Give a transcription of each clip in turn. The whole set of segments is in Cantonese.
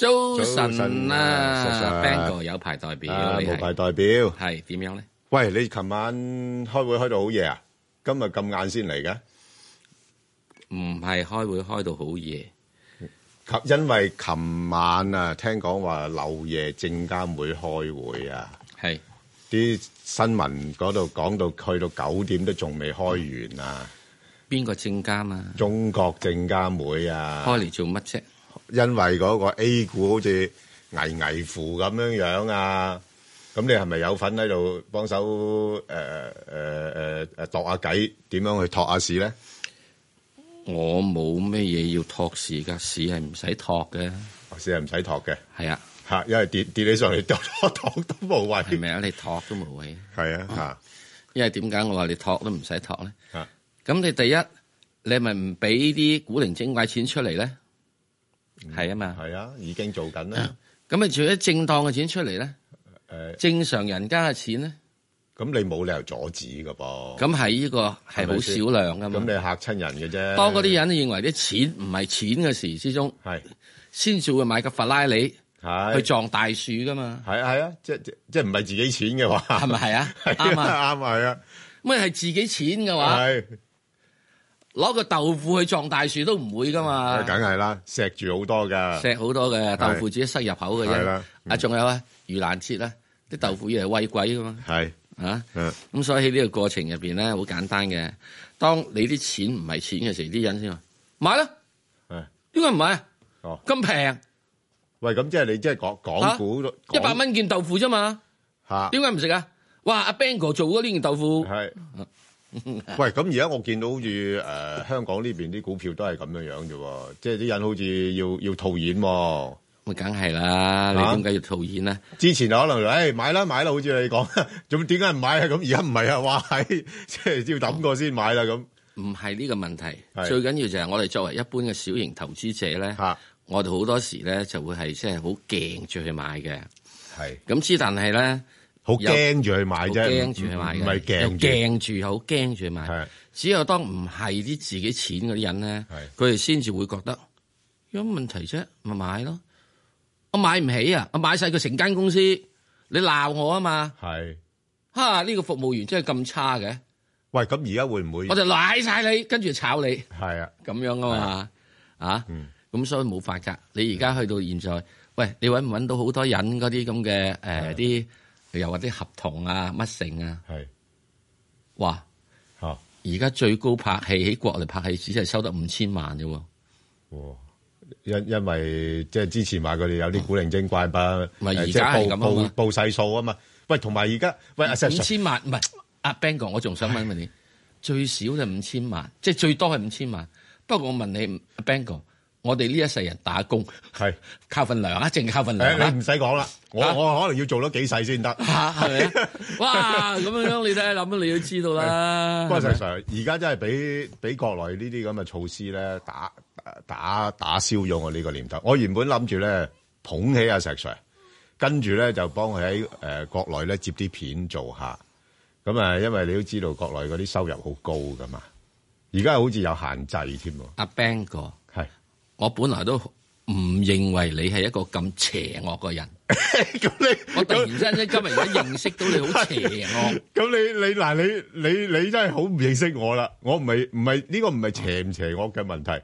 早晨啦，早晨，Fan 哥有排代表，冇排代表，係點樣咧？喂，你琴晚開會開到好夜啊？今日咁晏先嚟㗎？唔係開會開到好夜，因為琴晚啊，聽講話漏夜證監會開會啊，係啲新聞嗰度講到去到九點都仲未開完啊？邊個證監會啊？中國證監會啊？開嚟做乜啫？因為嗰個 A 股好似危危乎咁樣樣啊，咁你係咪有份喺度幫手？誒誒誒誒，度、呃、下計點樣去托下市咧？我冇咩嘢要托市噶，市係唔使托嘅，市係唔使托嘅，係啊嚇，因為跌跌起上嚟，托都冇謂，係咪啊？你托都冇位，係啊嚇。因為點解我話你托都唔使托咧？嚇、啊，咁你第一，你係咪唔俾啲古靈精怪錢出嚟咧？係啊嘛，係、嗯、啊，已經做緊啦。咁、嗯、啊，除咗正當嘅錢出嚟咧，誒、欸，正常人家嘅錢咧，咁你冇理由阻止噶噃。咁喺呢個係好少量噶嘛，咁你嚇親人嘅啫。當嗰啲人認為啲錢唔係錢嘅時候之中，係先至會買架法拉利，係去撞大樹噶嘛。係啊係啊，啊，即即即唔係自己錢嘅話，係咪係啊？啱啊啱係啊。咁啊係 對、啊 啊啊、自己錢嘅話。是攞個豆腐去撞大樹都唔會噶嘛，梗係啦，錫住好多噶，錫好多嘅豆腐自己塞入口嘅啫。啊，仲、嗯、有啊，盂蘭節啦，啲豆腐又係餵鬼噶嘛，係啊，咁、啊嗯、所以喺呢個過程入邊咧，好簡單嘅。當你啲錢唔係錢嘅時候，啲人先話買啦。係，點解唔買啊？哦，咁平。喂，咁即係你即係講港股，一百蚊件豆腐啫嘛，啊。吓、啊，點解唔食啊？哇，阿 Bang 哥做咗呢件豆腐。係。啊喂，咁而家我見到好似誒，香港呢邊啲股票都係咁樣樣啫，即係啲人好似要要套現，咪梗係啦，你點解要套現咧？之前可能誒買啦買啦，好似你講，咁點解唔買啊？咁而家唔係啊，話係即係要抌過先買啦，咁唔係呢個問題，最緊要就係我哋作為一般嘅小型投資者咧，吓，我哋好多時咧就會係即係好勁住去買嘅，係咁，之但係咧。好驚住去買啫，唔係驚住去買嘅，又驚住，又好驚住買。係，只有當唔係啲自己錢嗰啲人咧，佢哋先至會覺得有問題啫，咪買咯。我買唔起啊，我買晒佢成間公司，你鬧我啊嘛。係，吓呢個服務員真係咁差嘅。喂，咁而家會唔會？我就賴晒你，跟住炒你。係啊，咁樣啊嘛，啊，咁所以冇法噶。你而家去到現在，喂，你搵唔搵到好多人嗰啲咁嘅誒啲？又或啲合同啊，乜成啊，係，哇，而、啊、家最高拍戲喺國內拍戲，只係收得五千萬啫，喎，因因為即係之前話佢哋有啲古靈精怪吧，嗯啊、即係報樣報報細數啊嘛，喂，同埋而家喂阿 Sir 五千萬唔係阿 Bang 哥，我仲想問問你，最少就五千萬，即係最多係五千萬，不過我問你，Bang 哥。Bingo。我哋呢一世人打工係靠份糧啊，淨靠份糧你唔使講啦，我、啊、我可能要做咗幾世先得，係咪、啊？哇！咁樣你睇下諗，你都知道啦。不過石 Sir，而家真係俾俾國內呢啲咁嘅措施咧，打打打消咗我呢個念頭。我原本諗住咧捧起阿石 Sir，跟住咧就幫佢喺誒國內咧接啲片做下。咁啊，因為你都知道國內嗰啲收入高好高噶嘛，而家好似有限制添。阿 Bang 哥。我本來都唔認為你係一個咁邪惡嘅人，咁 你我突然之間 今日而家認識到你好邪惡，咁 你你嗱你你你真係好唔認識我啦，我唔係唔係呢個唔係邪唔邪惡嘅問題，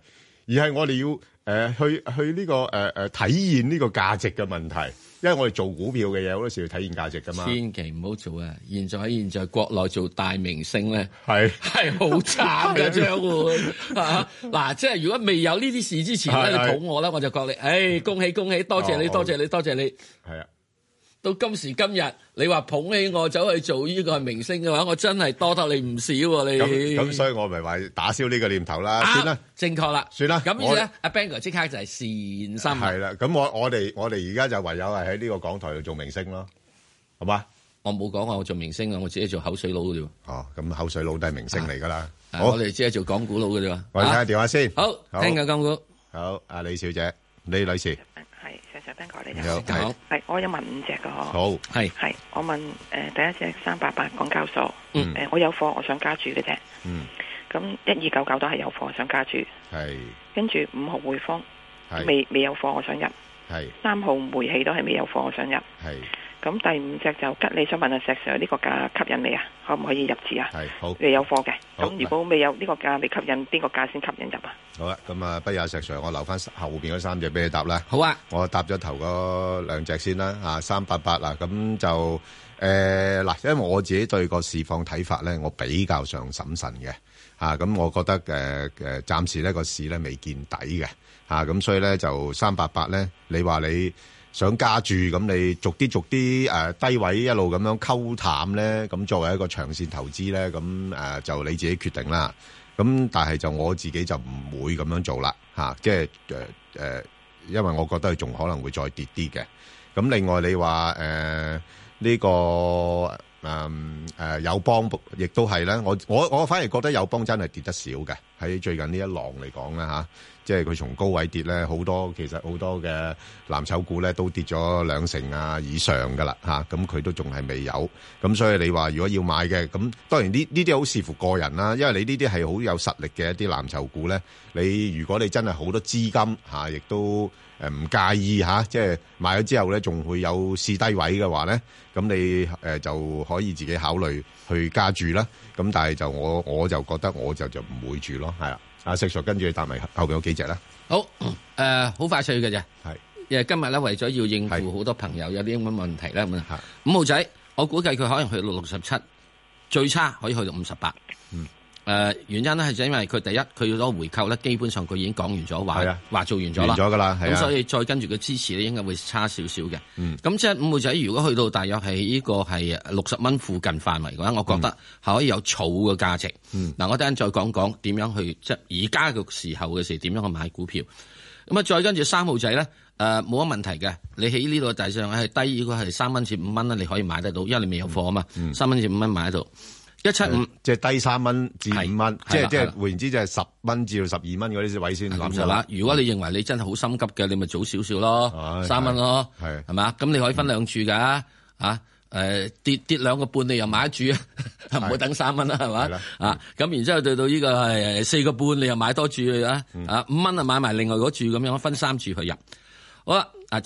而係我哋要誒、呃、去去呢、這個誒誒、呃、體驗呢個價值嘅問題。因為我哋做股票嘅嘢，好多時候要體現價值噶嘛。千祈唔好做啊！現在現在國內做大明星咧，係係好慘㗎。張 喎、啊。嗱、 啊，即係如果未有呢啲事之前咧，你捧我咧，我就講你、哎，恭喜恭喜，多謝你，多謝你，多謝你。係啊。到今時今日，你話捧起我走去做呢個明星嘅話，我真係多得你唔少你。咁咁，所以我咪話打消呢個念頭啦。啊，正確啦，算啦。咁於是咧，阿 Ben 哥即刻就係善心。係啦，咁我我哋我哋而家就唯有係喺呢個講台度做明星咯，好嘛？我冇講話我做明星啊，我自己做口水佬嘅啫。哦，咁口水佬都係明星嚟噶啦。好，我哋只係做港股佬嘅啫。我哋睇下電話先。好，聽緊港股。好，阿李小姐，李女士。就我係，我有問五隻嘅好係。係，我問誒、呃，第一隻三八八港交所，嗯，誒、呃，我有貨，我想加注嘅啫。嗯。咁一二九九都係有貨，想加注。係。跟住五號匯豐，未未有貨，我想入。係。三號煤氣都係未有貨，我想入。係。咁第五隻就吉，你想問下、啊、石 Sir 呢個價吸引你啊？可唔可以入市啊？係好，你有貨嘅。咁如果未有呢、呢個價你吸引，邊個價先吸引入啊？好啦、啊，咁啊不如呀、啊、石 Sir，我留翻後邊嗰三隻俾你答啦。好啊，我答咗頭嗰兩隻先啦。啊，三八八嗱，咁就誒嗱，因為我自己對個市況睇法咧，我比較上審慎嘅。嚇、啊，咁我覺得誒誒、啊，暫時呢個市咧未見底嘅。嚇、啊，咁所以咧就三八八咧，你話你。想加住咁，你逐啲逐啲誒、呃、低位一路咁樣溝淡咧，咁作為一個長線投資咧，咁誒、呃、就你自己決定啦。咁但係就我自己就唔會咁樣做啦，嚇，即係誒因為我覺得仲可能會再跌啲嘅。咁另外你話誒呢個誒誒友邦亦都係咧，我我我反而覺得友邦真係跌得少嘅，喺最近呢一浪嚟講啦、嚇。即係佢從高位跌咧，好多其實好多嘅藍籌股咧都跌咗兩成啊以上噶啦嚇，咁佢都仲係未有，咁所以你話如果要買嘅，咁當然呢呢啲好視乎個人啦，因為你呢啲係好有實力嘅一啲藍籌股咧，你如果你真係好多資金亦、啊、都唔介意嚇、啊，即係買咗之後咧仲會有試低位嘅話咧，咁你、呃、就可以自己考慮去加住啦。咁但係就我我就覺得我就就唔會住咯，係啦。阿石叔跟住答埋後邊有幾隻啦？好，誒、呃，好快脆嘅啫。係，因為今日咧，為咗要應付好多朋友有啲咁嘅問題啦，咁啊。五號仔，我估計佢可能去到六十七，最差可以去到五十八。嗯。誒、呃、原因咧係就因為佢，第一佢要攞回購咧，基本上佢已經講完咗話話做完咗啦，咁所以再跟住嘅支持咧應該會差少少嘅。咁、嗯、即係五號仔，如果去到大約係呢、呢個係六十蚊附近範圍嘅話，我覺得係可以有草嘅價值。嗱、嗯，那我等陣再講講點樣去即係而家嘅時候嘅時點樣去買股票。咁啊，再跟住三號仔咧，誒冇乜問題嘅。你喺呢度大勢上係低，如果係三蚊至五蚊咧，你可以買得到，因為你未有貨啊嘛。三蚊至五蚊買得到。嗯嗯一七五即係低三蚊至五蚊，即係即係換言之，即係十蚊至到十二蚊嗰啲位先諗住啦。如果你認為你真係好心急嘅、嗯，你咪早少少咯，三蚊咯，係嘛？咁你可以分兩處噶，啊誒跌跌兩個半你又買一注，唔、嗯、好 等三蚊啦，係嘛、嗯？啊咁，然之後對到到、這、呢個係四個半你又買多注、嗯、啊，啊五蚊啊買埋另外嗰注咁樣分三注去入。好啦，啊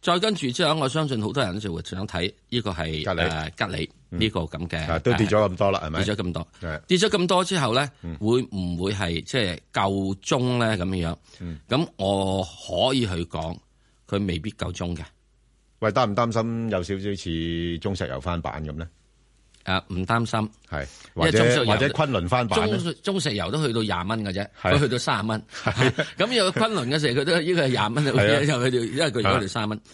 再跟住之後，我相信好多人就會想睇呢、這個係隔籬隔呢、這個咁嘅、嗯，都跌咗咁多啦，係咪跌咗咁多？跌咗咁多之後咧、嗯，會唔會係即係夠鐘咧咁樣樣？咁、嗯、我可以去講，佢未必夠鐘嘅。喂，擔唔擔心有少少似中石油翻版咁咧？啊，唔擔心，係或者因為中石油油或者昆侖翻版中，中石油都去到廿蚊嘅啫，都、啊、去到三十蚊。咁有昆侖嘅時候，候佢都呢、這個廿蚊，又佢哋，因為佢嗰三蚊。咁、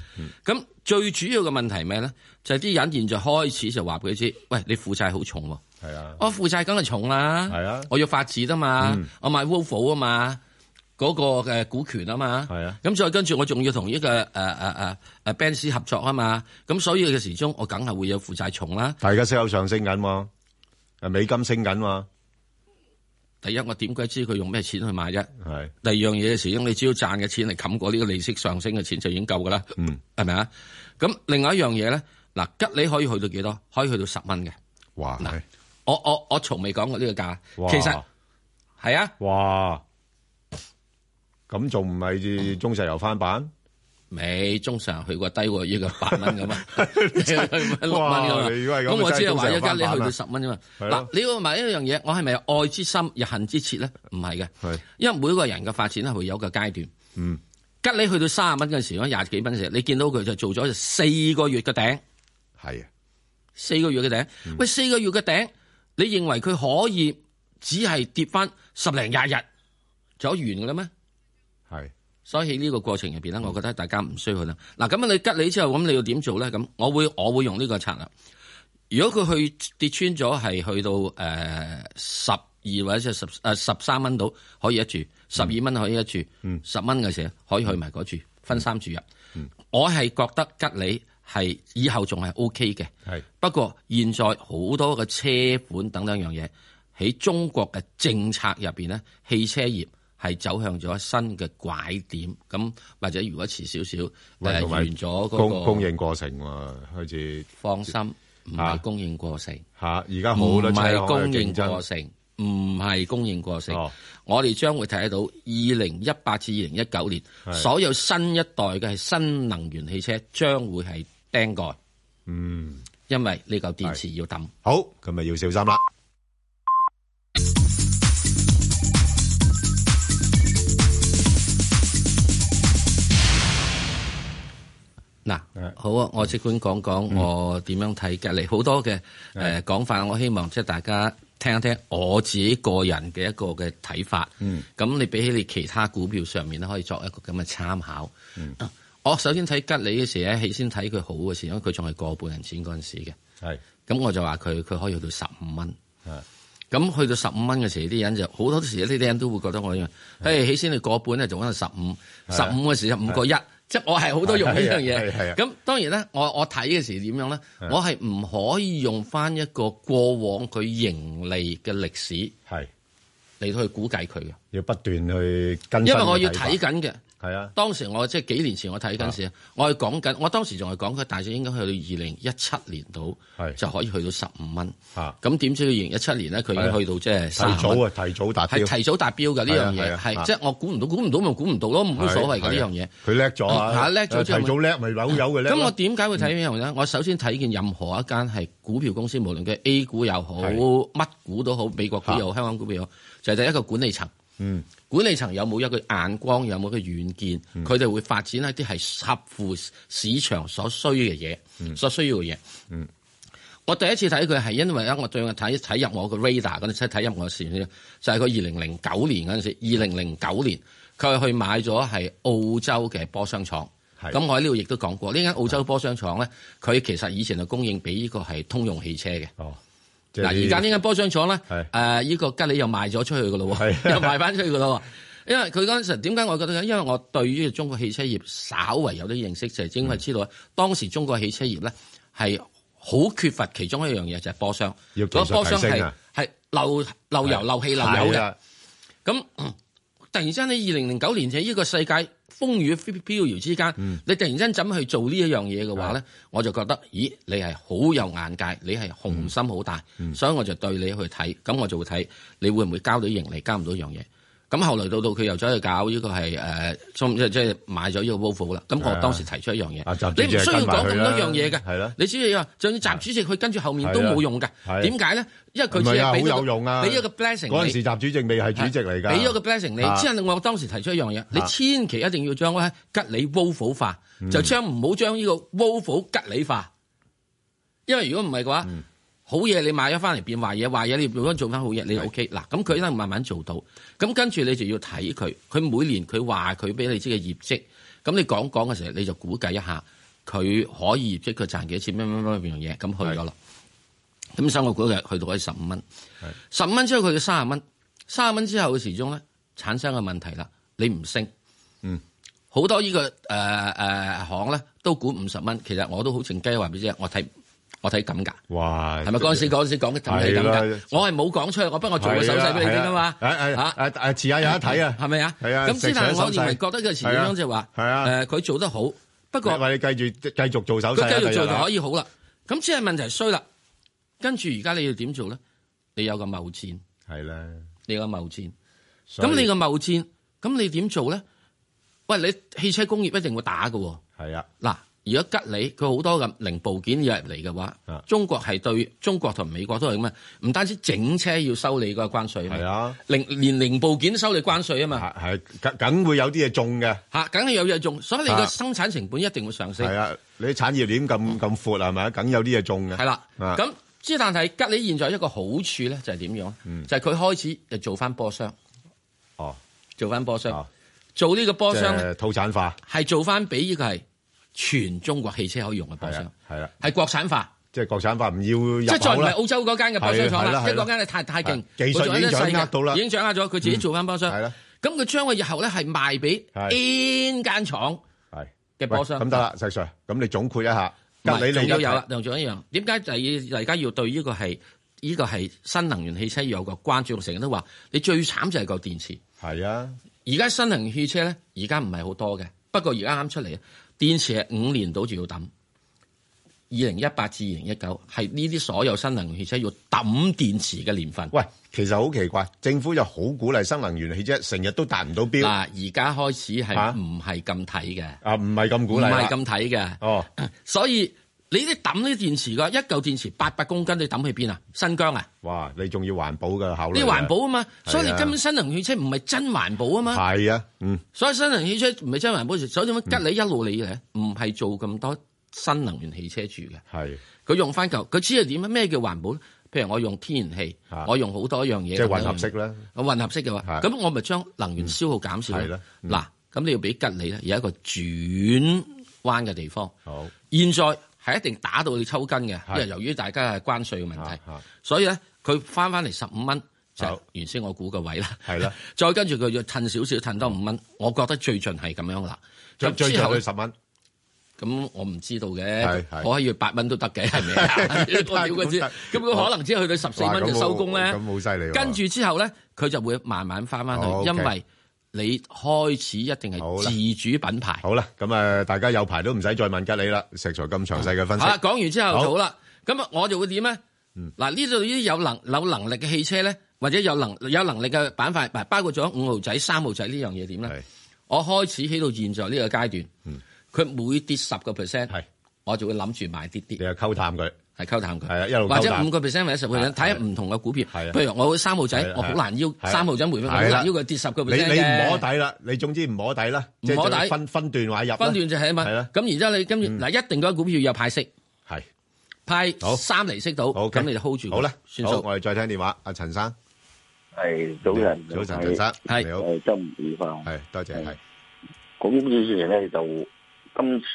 啊嗯、最主要嘅問題咩咧？就係啲人現在開始就話俾佢知，喂，你負債好重。係啊，我負債梗係重啦、啊。係啊，我要發紙啫嘛、嗯，我買 Wolf 啊嘛。嗰、那個嘅股權啊嘛，咁再、啊、跟住我仲要同呢個誒誒誒 banks 合作啊嘛，咁所以嘅時鐘我梗係會有負債重啦。大家息有上升緊喎，美金升緊喎。第一我點解知佢用咩錢去買啫？係。第二樣嘢嘅時鐘，你只要賺嘅錢嚟冚過呢個利息上升嘅錢就已經夠㗎啦。嗯，係咪啊？咁另外一樣嘢咧，嗱吉利可以去到幾多？可以去到十蚊嘅。哇！嗱，我我我從未講過呢個價。其實係啊。哇！咁仲唔係中石油翻版？未中石油去過低過 ,8 過一個八蚊咁啊，六蚊咁啊。咁我只係話一間你去到十蚊啫嘛。嗱，你要埋一樣嘢，我係咪愛之心日恨之切咧？唔係嘅，因為每個人嘅發展係會有個階段。嗯，吉你去到三十蚊嗰陣時候，我廿幾蚊時候，你見到佢就做咗四個月嘅頂，係啊，四個月嘅頂。喂、嗯，四個月嘅頂，你認為佢可以只係跌翻十零廿日就完噶啦？咩？所以喺呢個過程入邊咧，我覺得大家唔需要去啦。嗱，咁樣你吉利之後，咁你要點做咧？咁我會我會用呢個策略。如果佢去跌穿咗，係去到誒、呃、十二或者十誒十三蚊到，呃、可以一住；十二蚊可以一住；十蚊嘅時候，可以去埋嗰住，分三住入。嗯、我係覺得吉利係以後仲係 O K 嘅。係不過現在好多嘅車款等等樣嘢喺中國嘅政策入邊咧，汽車業。係走向咗新嘅拐點，咁或者如果遲少少完咗嗰個供應過程，開始放心唔係供應過程吓，而家好啦，車商有競爭，唔係供應過程，唔係供應過程，我哋將會睇得到二零一八至二零一九年所有新一代嘅係新能源汽車將會係釘蓋，嗯，因為呢嚿電池要抌，好，咁咪要小心啦。嗱，好啊！我即管講講我點樣睇吉利好、嗯、多嘅誒講法，我希望即係大家聽一聽我自己個人嘅一個嘅睇法。咁、嗯、你比起你其他股票上面咧，可以作一個咁嘅參考、嗯。我首先睇吉利嘅時咧，起先睇佢好嘅時，因為佢仲係個半人錢嗰陣時嘅。咁，我就話佢佢可以到15去到十五蚊。咁去到十五蚊嘅時，啲人就好多時呢啲人都會覺得我誒起先你個半咧，就可能十五十五嘅時十五個一。即係我係好多用呢樣嘢，係係啊，咁當然咧，我我睇嘅時點樣咧？我係唔可以用翻一個過往佢盈利嘅歷史，係嚟到去估計佢嘅，要不斷去跟，因為我要睇緊嘅。係啊，當時我即係幾年前我睇嗰陣時、啊，我係講緊，我當時仲係講佢大約應該去到二零一七年度、啊，就可以去到十五蚊。咁點、啊、知佢二零一七年咧，佢已經去到、啊、即係提早啊！提早達標係提早達標㗎呢樣嘢，係、啊啊啊、即係我估唔到，估唔、啊、到咪估唔到咯，冇乜、啊、所謂嘅呢樣嘢。佢叻咗啊！叻咗之係提早叻，咪樓有嘅咧。咁我點解會睇呢樣咧？我首先睇見任何一間係股票公司，無論佢 A 股又好，乜股都好，美國股又好，香港股票又好，就係第一個管理層。嗯，管理層有冇一個眼光，有冇一個遠見，佢、嗯、哋會發展一啲係合乎市場所需嘅嘢、嗯，所需要嘅嘢。嗯，我第一次睇佢係因為咧，我最近睇睇入我個雷達嗰陣，即係睇入我視線，就係佢二零零九年嗰陣時，二零零九年佢去買咗係澳洲嘅波箱廠。係，咁我喺呢度亦都講過，呢間澳洲波箱廠咧，佢其實以前係供應俾呢個係通用汽車嘅。哦。嗱，而家呢間波箱廠咧，誒、啊，呢、呢個吉利又賣咗出去喇咯，又賣翻出去喇咯，因為佢嗰陣時點解我覺得呢？因為我對於中國汽車業稍為有啲認識，就係因為知道咧，嗯、當時中國汽車業咧係好缺乏其中一樣嘢，就係、係、波箱，嗰波箱係係漏漏油漏氣漏油嘅。咁突然之間咧，二零零九年就呢個世界，風雨飄搖之間、嗯，你突然間怎去做呢一樣嘢嘅話咧，我就覺得，咦，你係好有眼界，你係雄心好大、嗯，所以我就對你去睇，咁我就會睇你會唔會交到盈利，交唔到一樣嘢。咁後來到到佢又再去搞呢個係誒，即、呃、係、就是、買咗呢個 Volvo 啦。咁我當時提出一樣嘢、啊，你唔需要講咁多樣嘢嘅。係咯、啊，你只要話，就習主席佢跟住後面都冇用嘅。點解、啊啊、呢？因為佢唔係有有用啊。俾一個 blessing 嗰陣時，習主席未係主席嚟㗎。畀咗個 blessing 你，之、啊、後我當時提出一樣嘢、啊，你千祈一定要將咧吉利 Volvo 化，啊、就將唔好將呢個 Volvo 吉利化、嗯。因為如果唔係嘅話，嗯好嘢你買咗翻嚟變壞嘢，壞嘢你做翻做翻好嘢、OK，你 OK 嗱。咁佢咧慢慢做到，咁跟住你就要睇佢，佢每年佢話佢俾你知嘅業績，咁你講講嘅時候你就估計一下，佢可以業績佢賺幾多錢？咩咩咩嘢咁去咗啦。咁生個估計去到係十五蚊，十五蚊之後佢三十蚊，三十蚊之後嘅時鐘咧產生嘅問題啦，你唔升，嗯，好多呢、呢個誒誒、呃呃、行咧都估五十蚊，其實我都好靜雞話俾你知，我睇。我睇咁噶，係咪嗰陣時嗰陣時講嘅就係咁我係冇講出去，我不過我做個手勢俾你聽噶嘛。係吓，遲、啊啊啊啊、下有一睇啊，係咪啊？係啊。咁先。但，我認為覺得嘅遲先生就話，誒，佢、啊、做得好，不過喂，你繼續繼續做手勢佢繼續做就可以好啦。咁只係問題衰啦。跟住而家你要點做咧？你有個貿戰，係啦。你有個貿戰，咁你個貿戰，咁你點做咧？喂，你汽車工業一定會打噶。係啊。嗱。如果吉利佢好多嘅零部件入嚟嘅話，啊，中國係對中國同美國都係咁啊，唔單止整車要收你個關稅，啊，零連零部件都收你關稅啊嘛，係，梗會有啲嘢中嘅，吓，啊，梗係有嘢中，所以你個生產成本一定會上升，係啊，啊，你產業鏈咁咁闊係咪？梗，嗯，有啲嘢中嘅，係啦，啊，咁，啊，但係吉利現在一個好處咧就係點樣，嗯？就係，是，佢開始又做翻波箱，哦，做翻波箱，哦，做呢個波箱，即土產化，係做翻俾呢個系。全中國汽車可以用嘅波箱係啊係、啊、國產化，即係國產化不要，唔要進口即係再唔係澳洲嗰間嘅波箱廠啦、啊啊啊，即係嗰間咧太太勁、啊、技術已經掌握到啦，已經掌握咗佢自己做翻波箱。咁佢將佢以後咧係賣俾邊間廠嘅波箱咁得啦，細 Sir 咁你總括一下。唔係，仲有有啦，仲有，有一樣，點解第大家要對呢個係呢、這個係新能源汽車要有個關注？成日都話你最慘就係個電池係啊。而家新能源汽車咧，而家唔係好多嘅，不過而家啱出嚟。電池係五年到住要抌，二零一八至二零一九係呢啲所有新能源汽車要抌電池嘅年份。喂，其實好奇怪，政府就好鼓勵新能源汽車，成日都達唔到標。嗱，而家開始係唔係咁睇嘅？啊，唔係咁鼓勵，唔係咁睇嘅。哦，所以。你啲抌啲電池噶一嚿電池八百公斤，你抌去邊啊？新疆啊？哇！你仲要環保嘅考慮？你環保嘛啊嘛，所以你根本新能源汽車唔係真環保啊嘛。係啊，嗯。所以新能源汽車唔係真環保，所以點解吉利一路嚟嘅唔係做咁多新能源汽車住嘅？係佢用翻嚿佢知係點啊？咩叫環保咧？譬如我用天然氣，我用好多樣嘢，即係混合式咧。混合式嘅話，咁我咪將能源消耗減少。係、嗯、啦，嗱，咁、嗯、你要俾吉利咧有一個轉彎嘅地方。好，現在。係一定打到佢抽筋嘅，因為由於大家係關稅嘅問題，所以咧佢翻翻嚟十五蚊就原先我估個位啦。係啦，再跟住佢要趁少少，趁多五蚊。我覺得最盡係咁樣啦。咁最後係十蚊，咁我唔知道嘅。我可以八蚊都得嘅。係咪？咁可能只係去到十四蚊就收工咧。咁好犀利。跟住之後咧，佢就會慢慢翻翻去，因為。你開始一定係自主品牌，好啦，咁大家有排都唔使再問吉利啦。食材咁詳細嘅分析、啊，講完之後就好啦。咁啊，我就會點咧？嗱、嗯，呢度呢啲有能有能力嘅汽車咧，或者有能有能力嘅板塊，包括咗五號仔、三號仔樣呢樣嘢點咧？我開始起到現在呢個階段，佢、嗯、每跌十個 percent，我就會諗住買啲啲。你又溝淡佢？係溝淡佢，或者五個 percent 或者十個 percent，睇唔同嘅股票。譬如我三號仔，我好難要三號仔回本，要佢跌十個 percent 咧。你你唔摸底啦，你總之唔摸底啦，即係就分分段話入。分段就係啊嘛。係啦。咁然之後你跟住嗱，一定嗰啲股票有派息，係派三厘息到。好，咁你就 hold 住佢。好啦，算數，我哋再聽電話。阿陳生，係，早晨，早晨，陳生係你好，周吳宇芳，係多謝係。咁以前咧，就今次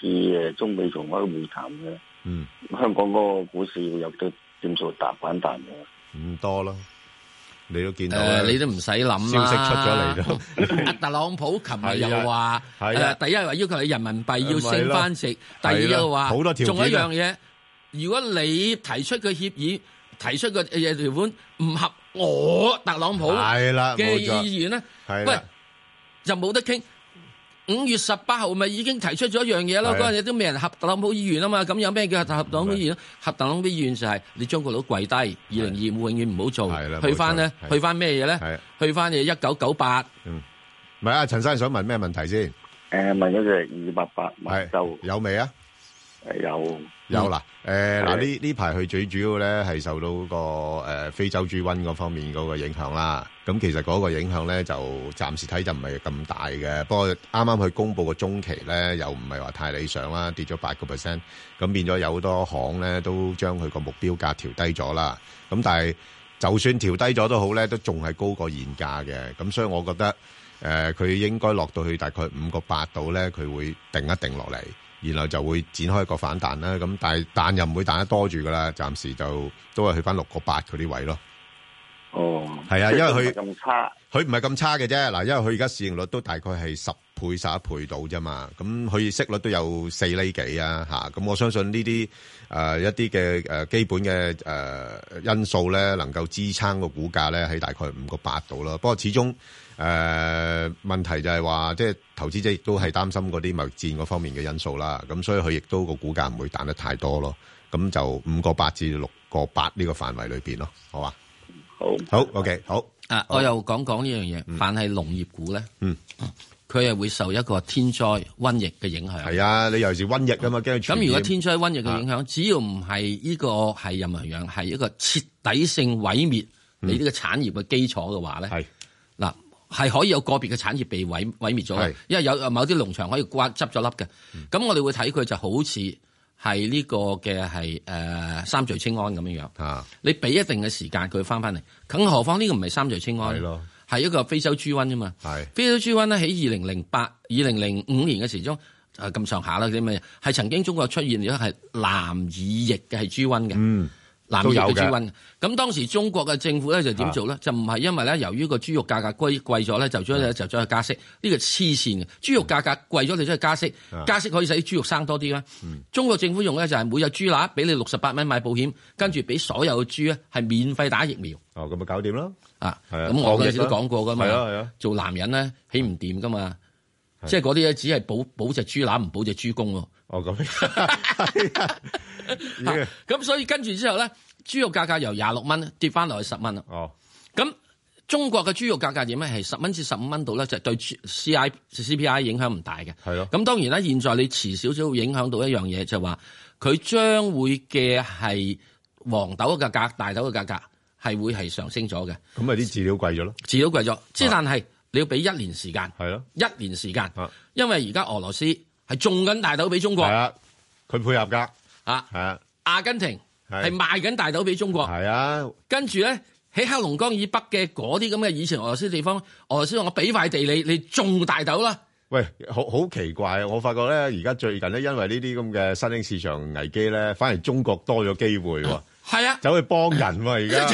誒中美重開會談咧。嗯，香港嗰個股市有幾多點數大反彈嘅？唔多啦，你都見到啦。你都唔使諗，消息出咗嚟嘅。啊，特朗普琴日又話，誒，第一係話要求你人民幣要升翻值，第二又話好多條。仲有一樣嘢，如果你提出嘅協議，提出嘅嘢條款唔合我特朗普嘅意願咧，喂，就冇得傾。五月十八號咪已經提出咗一樣嘢咯，嗰樣嘢都未人合黨冇議員啊嘛，咁有咩叫合黨冇議員？合黨冇議員就係你將個老跪低，二零二五永遠唔好做，去翻咧，去翻咩嘢咧？去翻嘅一九九八，唔係啊，陳、嗯啊、生想問咩問題先？誒、呃，問咗二八八買就有未啊、呃？有。有啦，誒嗱呢呢排佢最主要咧係受到、那個誒、呃、非洲豬瘟嗰方面嗰個影響啦。咁其實嗰個影響咧就暫時睇就唔係咁大嘅。不過啱啱佢公佈個中期咧又唔係話太理想啦，跌咗八個 percent。咁變咗有好多行咧都將佢個目標價調低咗啦。咁但係就算調低咗都好咧，都仲係高過現價嘅。咁所以我覺得誒佢、呃、應該落到去大概五個八度咧，佢會定一定落嚟。然後就會展開一個反彈啦，咁但係彈又唔會彈得多住噶啦，暫時就都係去返六個八嗰啲位咯。哦，係啊，因為佢佢唔係咁差嘅啫。嗱，因為佢而家市盈率都大概係十倍、十一倍度啫嘛，咁佢息率都有四厘幾啊。嚇，咁我相信呢啲誒一啲嘅誒基本嘅誒、呃、因素咧，能夠支撐個股價咧喺大概五個八度啦。不過始終。誒、呃，問題就係話，即係投資者亦都係擔心嗰啲貿易戰方面嘅因素啦。咁所以佢亦都個股價唔會彈得太多咯。咁就五個八至六個八呢個範圍裏邊咯，好嘛，啊？好，好，好，OK，好。啊，我又講講呢樣嘢。凡係農業股咧，嗯，佢係、嗯嗯、會受一個天災瘟疫嘅影響。係啊，你尤其是瘟疫噶嘛，驚。咁如果天災瘟疫嘅影響、啊，只要唔係呢個係任何樣係一個徹底性毀滅你呢個產業嘅基礎嘅話咧，係嗱。係可以有個別嘅產業被毀毀滅咗，因為有某啲農場可以瓜執咗粒嘅。咁、嗯、我哋會睇佢就好似係呢個嘅係誒三聚氰胺咁樣樣。啊、你俾一定嘅時間佢翻翻嚟，更何況呢個唔係三聚氰胺，係一個非洲豬瘟啫嘛。非洲豬瘟咧喺二零零八、二零零五年嘅時鐘咁上下啦啲咩嘢，係曾經中國出現咗係藍耳疫嘅係豬瘟嘅。嗯南越嘅豬瘟，咁當時中國嘅政府咧、啊、就點做咧？就唔係因為咧，由於個豬肉價格貴貴咗咧，就將就將去加息，呢個黐線嘅。豬肉價格貴咗，你將去加息，嗯、加息可以使豬肉生多啲啦。嗯、中國政府用咧就係每隻豬乸俾你六十八蚊買保險，跟住俾所有嘅豬咧係免費打疫苗。哦，咁咪搞掂咯。啊，咁我嗰時都講過噶嘛。係啊係啊，做男人咧起唔掂噶嘛。即係嗰啲嘢，只係保隻保隻豬乸，唔保隻豬公喎。哦，咁。咁、 啊、所以跟住之後咧，豬肉價格由廿六蚊跌翻落去十蚊啦。哦、啊。咁、嗯、中國嘅豬肉價格點咧？係十蚊至十五蚊度咧，就係、對 C I C P I 影響唔大嘅。係、啊、咯、啊。咁當然啦，現在你遲少少會影響到一樣嘢，就係話佢將會嘅係黃豆嘅價格、大豆嘅價格係會係上升咗嘅。咁咪啲飼料貴咗咯？飼料貴咗，即、啊、係但係。啊你要俾一年時間，係咯、啊，一年時間，因為而家俄羅斯係種緊大豆俾中國，係啊，佢配合㗎，啊，係啊，阿根廷係賣緊大豆俾中國，係啊，跟住咧喺黑龍江以北嘅嗰啲咁嘅以前俄羅斯地方，俄羅斯我俾塊地你你種大豆啦。喂，好好奇怪，我發覺咧，而家最近咧，因為呢啲咁嘅新興市場危機咧，反而中國多咗機會喎。係啊，走去幫人喎而家。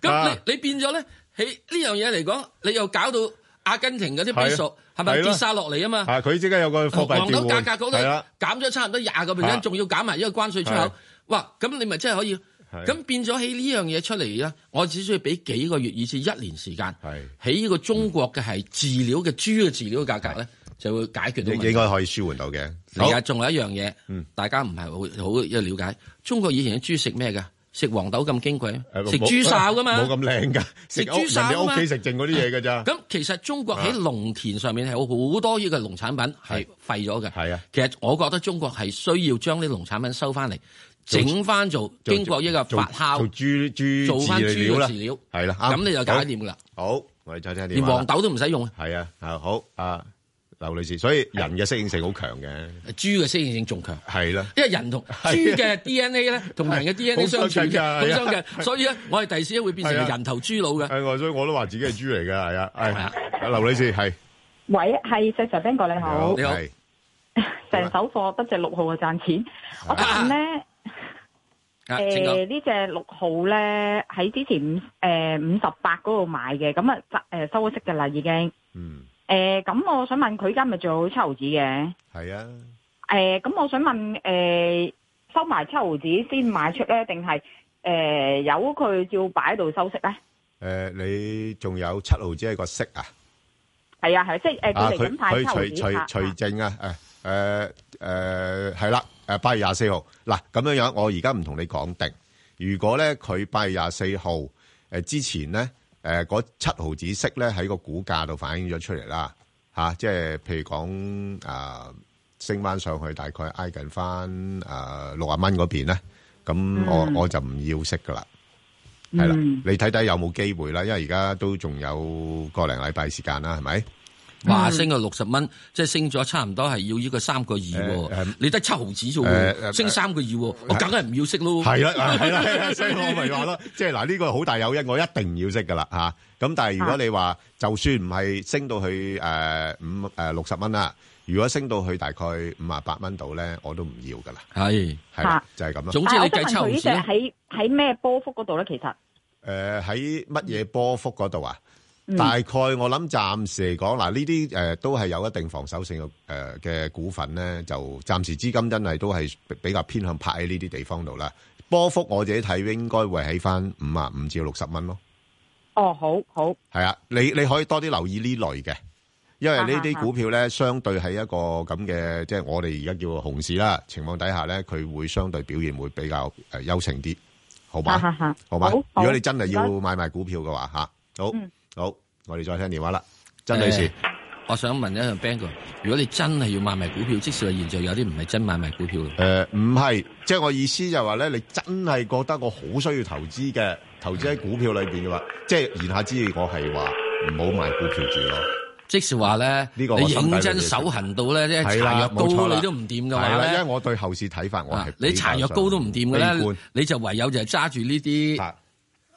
咁、啊、 你你變咗咧喺呢樣嘢嚟講，你又搞到。阿根廷嗰啲比屬係咪跌晒落嚟啊嘛？佢即刻有個貨幣。黃豆價格嗰度減咗差唔多廿個 percent 仲要減埋呢個關稅出口。哇，咁你咪真係可以。咁變咗起呢樣嘢出嚟呢，我只需要俾幾個月以至一年時間，喺呢個中國嘅係飼料嘅豬嘅飼料嘅價格咧，就會解決到。應該可以舒緩到嘅。而家仲有一樣嘢，大家唔係好好有了解。中國以前嘅豬食咩㗎？食黃豆咁矜貴？食豬潲噶嘛？冇咁靚噶。食豬潲，你屋企食剩嗰啲嘢噶咋？咁、啊、其實中國喺農田上面係有好多呢個農產品係廢咗嘅。係啊。其實我覺得中國係需要將啲農產品收翻嚟，整翻做，做，做經過一個發酵，做豬豬做翻豬飼料。係啦。咁、啊、你就搞掂噶啦。好，我哋再聽啲。連黃豆都唔使用，用。係啊。啊好啊。劉女士，所以人嘅適應性好強嘅，豬嘅適應性仲強，係啦，因為人同豬嘅 DNA 咧，同人嘅 DNA 相處嘅，的的相襯嘅，所以咧，我哋第時會變成人頭豬腦嘅。所以我都話自己係豬嚟嘅，係啊，係、呃、啊，劉女士係。喂，係石茶冰哥你好，你好。成手貨得隻六號啊，賺錢。我呢，咧，誒呢隻六號咧喺之前五誒五十八嗰度買嘅，咁啊誒收息嘅啦已經。嗯。誒、嗯，咁我想問佢今日做咗七毫紙嘅？係啊。誒、嗯，咁我想問，誒、嗯，收埋七毫紙先賣出咧，定係誒，由佢照擺喺度收息咧？誒、嗯，你仲有七毫紙一個息啊？係啊，係即係誒，佢哋咁派七毫紙吓。佢除除除淨啊，誒誒誒，係啦，誒八、啊啊啊啊啊啊、月廿四號嗱，咁、啊、樣樣，我而家唔同你講定，如果咧佢八月廿四號之前咧。誒、呃，嗰七毫子息咧喺個股價度反映咗出嚟啦，吓、啊，即係譬如講誒、啊、升翻上去大概挨近翻誒六啊蚊嗰邊咧，咁我、嗯、我，我就唔要息噶啦，係、嗯、啦，你睇睇有冇機會啦，因為而家都仲有個零禮拜時間啦，係咪？話升個六十蚊，即係升咗差唔多係要呢個三個二喎，你得七毫子啫喎，升三個二，我梗係唔要識咯。係啦，係啦，所以我咪話咯，即係嗱呢個好大誘因，我一定要識噶啦吓。咁但係如果你話就算唔係升到去誒五誒六十蚊啦，如果升到去大概五啊八蚊度咧，我都唔要噶啦。係係就係咁咯。總之你計七毫子喺喺咩波幅嗰度咧？其實誒喺乜嘢波幅嗰度啊？嗯、大概我諗暫時嚟講，嗱呢啲誒都係有一定防守性嘅誒嘅股份咧，就暫時資金真係都係比較偏向拍喺呢啲地方度啦。波幅我自己睇應該會喺翻五啊五至六十蚊咯。哦，好好係啊，你你可以多啲留意呢類嘅，因為呢啲股票咧、啊啊、相對係一個咁嘅，即係我哋而家叫熊市啦。情況底下咧，佢會相對表現會比較誒優勝啲，好吧、啊啊、好，好嗎好？如果你真係要買賣股票嘅話，吓、嗯，啊好。好，我哋再聽電話啦，曾女士，我想問一樣，Banker，如果你真係要買埋股票，即使係現在有啲唔係真買埋股票誒，唔、呃、係，即係、就是、我意思就係話咧，你真係覺得我好需要投資嘅，投資喺股票裏邊嘅話，即係言下之意我，我係話唔好買股票住咯，即使話咧，呢、這個我真認真守恒到咧，即、嗯、係殘弱高你都唔掂㗎嘛。咧，因為我對後市睇法我係、啊、你殘弱高都唔掂嘅咧，你就唯有就係揸住呢啲。啊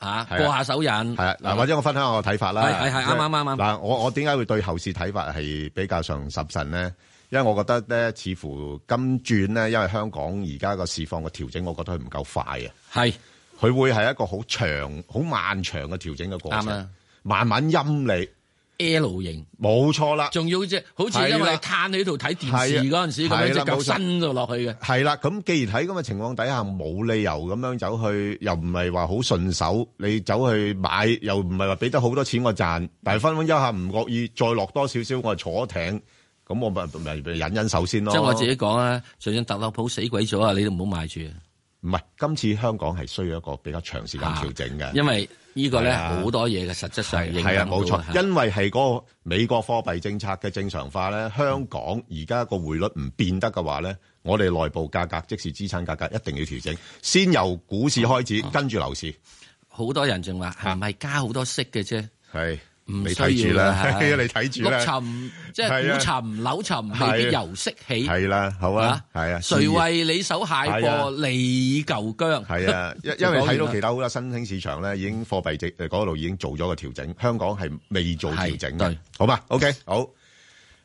吓、啊、過下手癮係啊嗱，嗯，或者我分享我嘅睇法是是是、就是、對對對啦，係係係啱啱啱啱嗱，我我點解會對後市睇法係比較上謹慎咧？因為我覺得咧，似乎今轉咧，因為香港而家個市況個調整，我覺得佢唔夠快啊，係佢會係一個好長、好漫長嘅調整嘅過程，慢慢陰你。L 型冇錯啦，仲要，即係好似因為你癱喺度睇電視嗰陣時咁樣，夠伸到落去嘅。係啦，咁既然喺咁嘅情況底下，冇理由咁樣走去，又唔係話好順手。你走去買，又唔係話俾得好多錢我賺，但係分分鐘下唔覺意再落多少少，我坐艇咁，我咪咪忍忍手先咯。即係我自己講啊，就算特朗普死鬼咗啊，你都唔好買住。唔係，今次香港係需要一個比較長時間調整嘅，因為，呢、這個咧好多嘢嘅、啊，實質上係啊，冇錯、啊，因為係嗰個美國貨幣政策嘅正常化咧、嗯，香港而家個匯率唔變得嘅話咧，我哋內部價格，即係資產價格一定要調整，先由股市開始、哦、跟住樓市，好多人仲話係咪加好多息嘅啫？係、啊。唔，你睇住啦，吓，你睇住啦。六沉即係古沉、柳沉，係啲油色起。係啦，好啊，係啊。誰為你手蟹過你舊薑？係啊，因因為睇到其他好多新興市場咧，已經貨幣即誒嗰度已經做咗個調整，香港係未做調整，係好嘛？OK，好。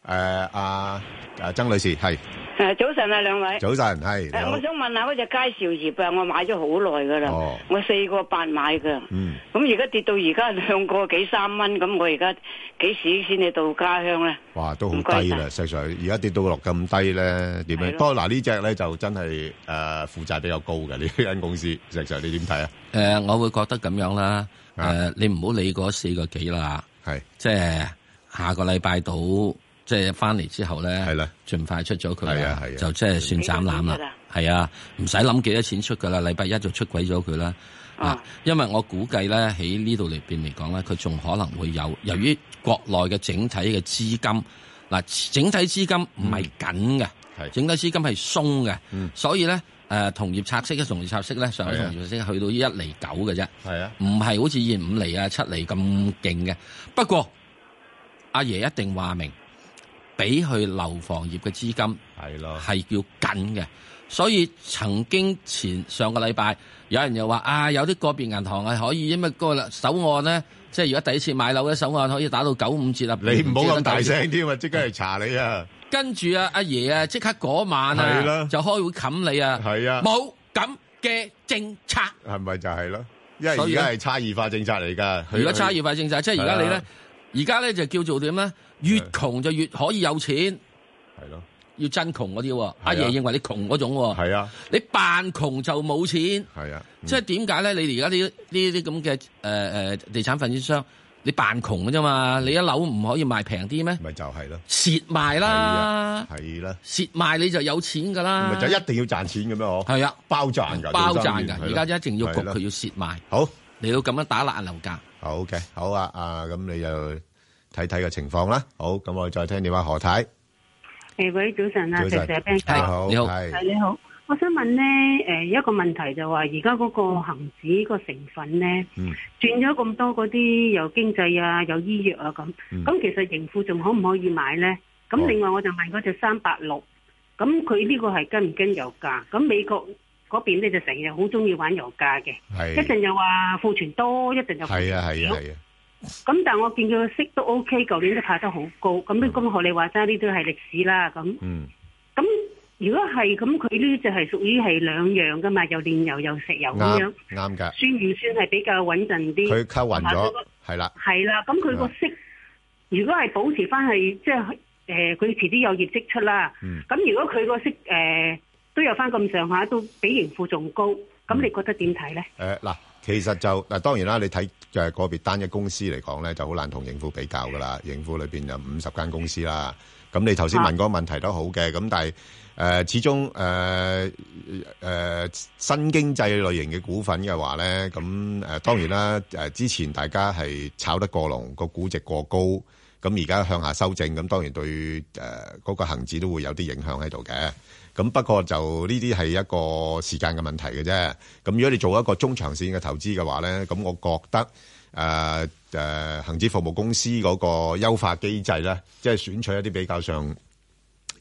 誒，阿阿曾女士係誒，早晨啊，兩位早晨係誒，我想問下嗰隻佳兆業啊，我買咗好耐噶啦，我四個八買噶，嗯，咁而家跌到而家兩個幾三蚊，咁我而家幾時先至到家鄉咧？哇，都好低啦，石 Sir 而家跌到落咁低咧，點樣？不過嗱，呢隻咧就真係誒負債比較高嘅呢間公司，石 Sir 你點睇啊？誒，我會覺得咁樣啦，誒，你唔好理嗰四個幾啦，係即係下個禮拜到。即係翻嚟之後咧，係啦，盡快出咗佢，就即係算斬纜啦。係啊，唔使諗幾多錢出噶啦，禮拜一就出軌咗佢啦。啊、哦，因為我估計咧喺呢度裏面嚟講咧，佢仲可能會有。由於國內嘅整體嘅資金，嗱，整體資金唔係緊嘅、嗯，整體資金係鬆嘅，所以咧、呃，同業拆息嘅同業拆息咧，上海同業拆息去到呢一厘九嘅啫，唔係好似二五厘啊、七厘咁勁嘅。不過，阿爺，爺一定話明。俾去樓房業嘅資金係咯，係要緊嘅。所以曾經前上個禮拜，有人又話啊，有啲個別銀行係可以因為個首案咧，即係如果第一次買樓嘅首案可以打到九五折啊！你唔好咁大聲添啊，即刻嚟查你啊！ 跟住啊，阿爺啊，即刻嗰晚啊，就開會冚你啊！係啊，冇咁嘅政策，係咪就係咯？因為而家係差異化政策嚟噶、啊啊。如果差異化政策，啊、即係而家你咧。而家咧就叫做點咧？越窮就越可以有錢，係咯。要真窮嗰啲，阿爺認為你窮嗰種，係啊。爺爺你扮窮，啊、就冇錢，係啊、嗯。即係點解咧？你而家呢呢啲咁嘅誒誒地產發展商，你扮窮嘅啫嘛？你一樓唔可以賣平啲咩？咪就係、是、咯，蝕賣啦，係啦，蝕賣你就有錢噶啦。咪就是一定要賺錢嘅咩？嗬，係啊，包賺噶，包賺噶。而家就一定要焗佢要蝕賣，好你要咁樣打爛樓價。好嘅，好啊，啊，咁你又睇睇個情況啦。好，咁我再聽電話何太。誒，喂，早晨啊，謝謝冰姐，你好，係你好。我想問咧，誒，一個問題就話而家嗰個恒指個成分咧，轉咗咁多嗰啲有經濟啊，有醫藥啊咁，咁其實盈富仲可唔可以買咧？咁另外我就問嗰隻三八六，咁佢呢個係跟唔跟油價？咁美國。嗰邊咧就成日好中意玩油價嘅，一陣又話庫存多，一陣又係啊係啊係啊！咁、啊啊、但我見佢個息都 OK，舊年都拍得好高。咁啲咁學你話齋，呢啲都係歷史啦。咁咁、嗯、如果係咁，佢呢就係屬於係兩樣噶嘛，又煉油又石油咁樣啱㗎。算唔算係比較穩陣啲？佢吸暈咗，係啦、這個，係啦。咁佢個息如果係保持翻係即係佢遲啲有業績出啦。咁、嗯、如果佢個息都有翻咁上下，都比盈富仲高。咁你覺得點睇咧？誒、嗯、嗱，其實就嗱，當然啦，你睇誒個別單一公司嚟講咧，就好難同盈富比較噶啦。盈富裏邊有五十間公司啦。咁你頭先問嗰個問題都好嘅。咁、啊、但係誒、呃，始終誒誒、呃呃、新經濟類型嘅股份嘅話咧，咁誒當然啦。誒、嗯、之前大家係炒得過龍，個估值過高。咁而家向下修正，咁當然對誒嗰、呃那個恆指都會有啲影響喺度嘅。咁不過就呢啲係一個時間嘅問題嘅啫。咁如果你做一個中長線嘅投資嘅話咧，咁我覺得誒誒恆指服務公司嗰個優化機制咧，即係選取一啲比較上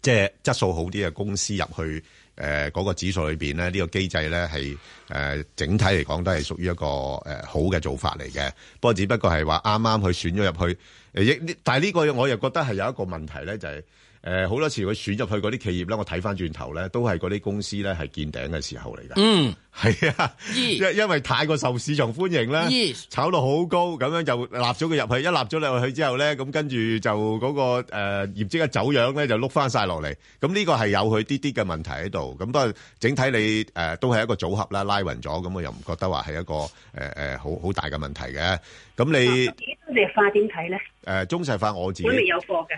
即係質素好啲嘅公司入去誒嗰個指數裏面咧，呢個機制咧係誒整體嚟講都係屬於一個誒好嘅做法嚟嘅。不過只不過係話啱啱佢選咗入去，但係呢個我又覺得係有一個問題咧，就係。誒，好多時佢選入去嗰啲企業咧，我睇翻轉頭咧，都係嗰啲公司咧係見頂嘅時候嚟噶。嗯，係啊，因因為太過受市場歡迎咧，炒到好高，咁樣就納咗佢入去，一納咗入去之後咧，咁跟住就嗰個誒業績一走樣咧，就碌翻晒落嚟。咁呢個係有佢啲啲嘅問題喺度。咁不過整體你誒都係一個組合啦，拉匀咗，咁我又唔覺得話係一個誒誒好好大嘅問題嘅。咁你中石化點睇咧？誒，中石化我自己未有貨嘅。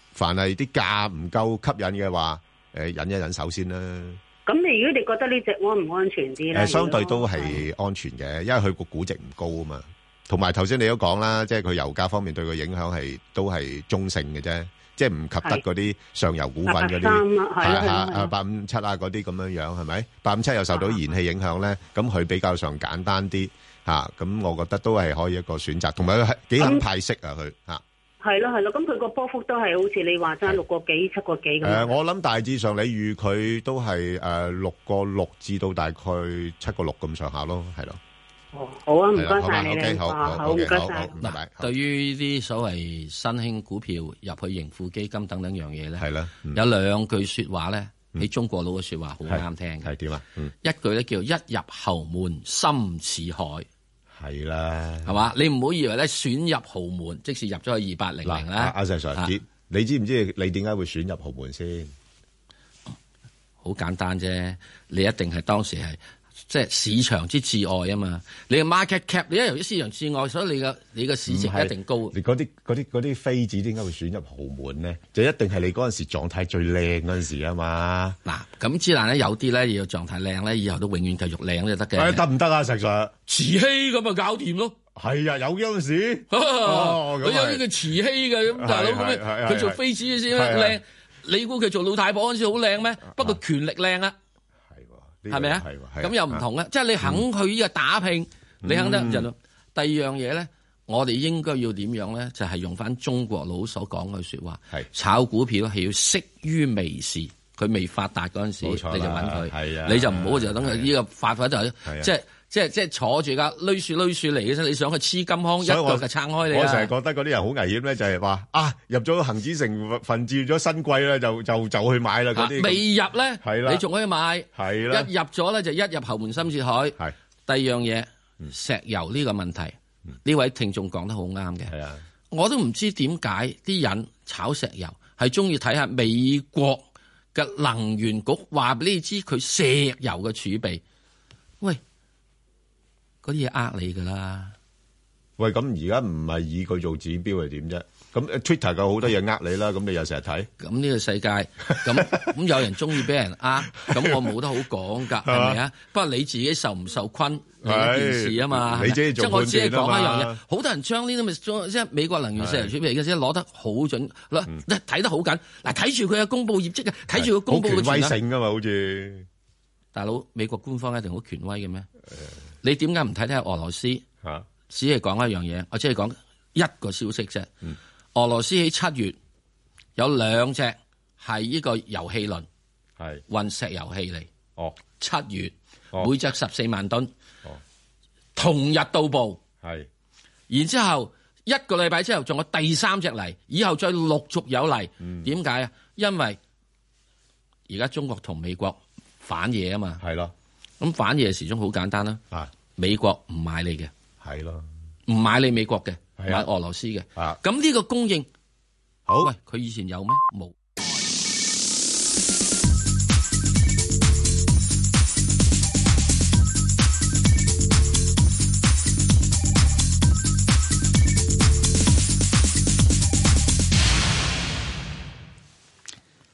凡係啲價唔夠吸引嘅話，誒，忍一忍手先啦。咁你如果你覺得呢隻安唔安全啲咧？誒，相對都係安全嘅，因為佢個估值唔高啊嘛。同埋頭先你都講啦，即係佢油價方面對佢影響係都係中性嘅啫，即係唔及得嗰啲上游股份嗰啲，係啊，八五七啊嗰啲咁樣樣係咪？八五七又受到燃氣影響咧，咁佢比較上簡單啲，吓，咁我覺得都係可以一個選擇。同埋佢係幾肯派息啊，佢吓。係咯係咯，咁佢個波幅都係好似你話齋六個幾七個幾咁。誒，我諗大致上你預佢都係誒、呃、六個六至到大概七個六咁上下咯，係咯、哦。好啊，唔該晒好啊，阿、okay，好唔該晒。對於呢啲所謂新興股票入去盈富基金等等樣嘢咧，係啦、嗯，有兩句說話咧，喺、嗯、中國佬嘅說話好啱聽。係點啊？一句咧、嗯、叫一入侯門深似海。係啦，係嘛？你唔好以為咧選入豪門，即使入咗去二八零零咧。阿，阿 Sir，你你知唔知你點解會選入豪門先？好簡單啫，你一定係當時係。即係市場之至愛啊嘛，你嘅 market cap，你一由於市場至愛，所以你嘅你嘅市值一定高。你嗰啲啲啲妃子點解會選入豪門咧？就一定係你嗰陣時狀態最靚嗰陣時啊嘛。嗱，咁之難咧，有啲咧要個狀態靚咧，以後都永遠繼續靚就得嘅。得唔得啊？其實在慈禧咁就搞掂咯。係啊，有嗰陣時，佢、 哦、這 有啲叫慈禧嘅咁大佬佢做妃子先得靚。你估佢做老太婆嗰陣時好靚咩？不過權力靚啊！係、這、咪、個、啊？咁又唔同咧，即係你肯去呢個打拼，嗯、你肯得咯。第二樣嘢咧，我哋應該要點樣咧？就係、是、用翻中國佬所講嘅說話，炒股票係要識於微時，佢未發達嗰陣時，你就搵佢、啊，你就唔好、啊、就等佢呢個發奮就是，即係、啊。就是即係即係坐住架攞雪攞雪嚟嘅，你想去黐金腔，一腳就撐開你、啊、我成日覺得嗰啲人好危險咧，就係、是、話啊，入咗恒指城，分治咗新貴咧，就就就去買啦嗰啲。未入咧，你仲可以買。係啦，一入咗咧就一入後門深似海。係第二樣嘢、嗯，石油呢個問題，呢、嗯、位聽眾講得好啱嘅。啊，我都唔知點解啲人炒石油係中意睇下美國嘅能源局話俾你知佢石油嘅儲備。嗰啲嘢呃你噶啦，喂，咁而家唔係以佢做指標係點啫？咁 Twitter 有好多嘢呃你啦，咁你又成日睇？咁呢個世界咁咁 有人中意俾人呃，咁 我冇得好講噶，係咪啊？不過你自己受唔受困係一件事啊嘛。你即做即我只係講一樣嘢，好多人將呢啲咪即係美國能源石油儲備嘅，即攞得好準，睇、嗯、得好緊，嗱睇住佢嘅公布業績啊，睇住佢公布嘅權威性噶嘛，好似大佬美國官方一定好權威嘅咩？嗯你點解唔睇睇俄羅斯？啊、只係講一樣嘢，我只係講一個消息啫、嗯。俄羅斯喺七月有兩隻係呢個油氣輪，運石油氣嚟。七月、哦、每隻十四萬噸、哦，同日到步。然後之後一個禮拜之後，仲有第三隻嚟，以後再陸續有嚟。點解啊？因為而家中國同美國反嘢啊嘛。咁反而係時鐘好簡單啦，啊，美國唔買你嘅，係咯，唔買你美國嘅，買俄羅斯嘅，啊，咁呢個供應，好，喂，佢以前有咩？冇。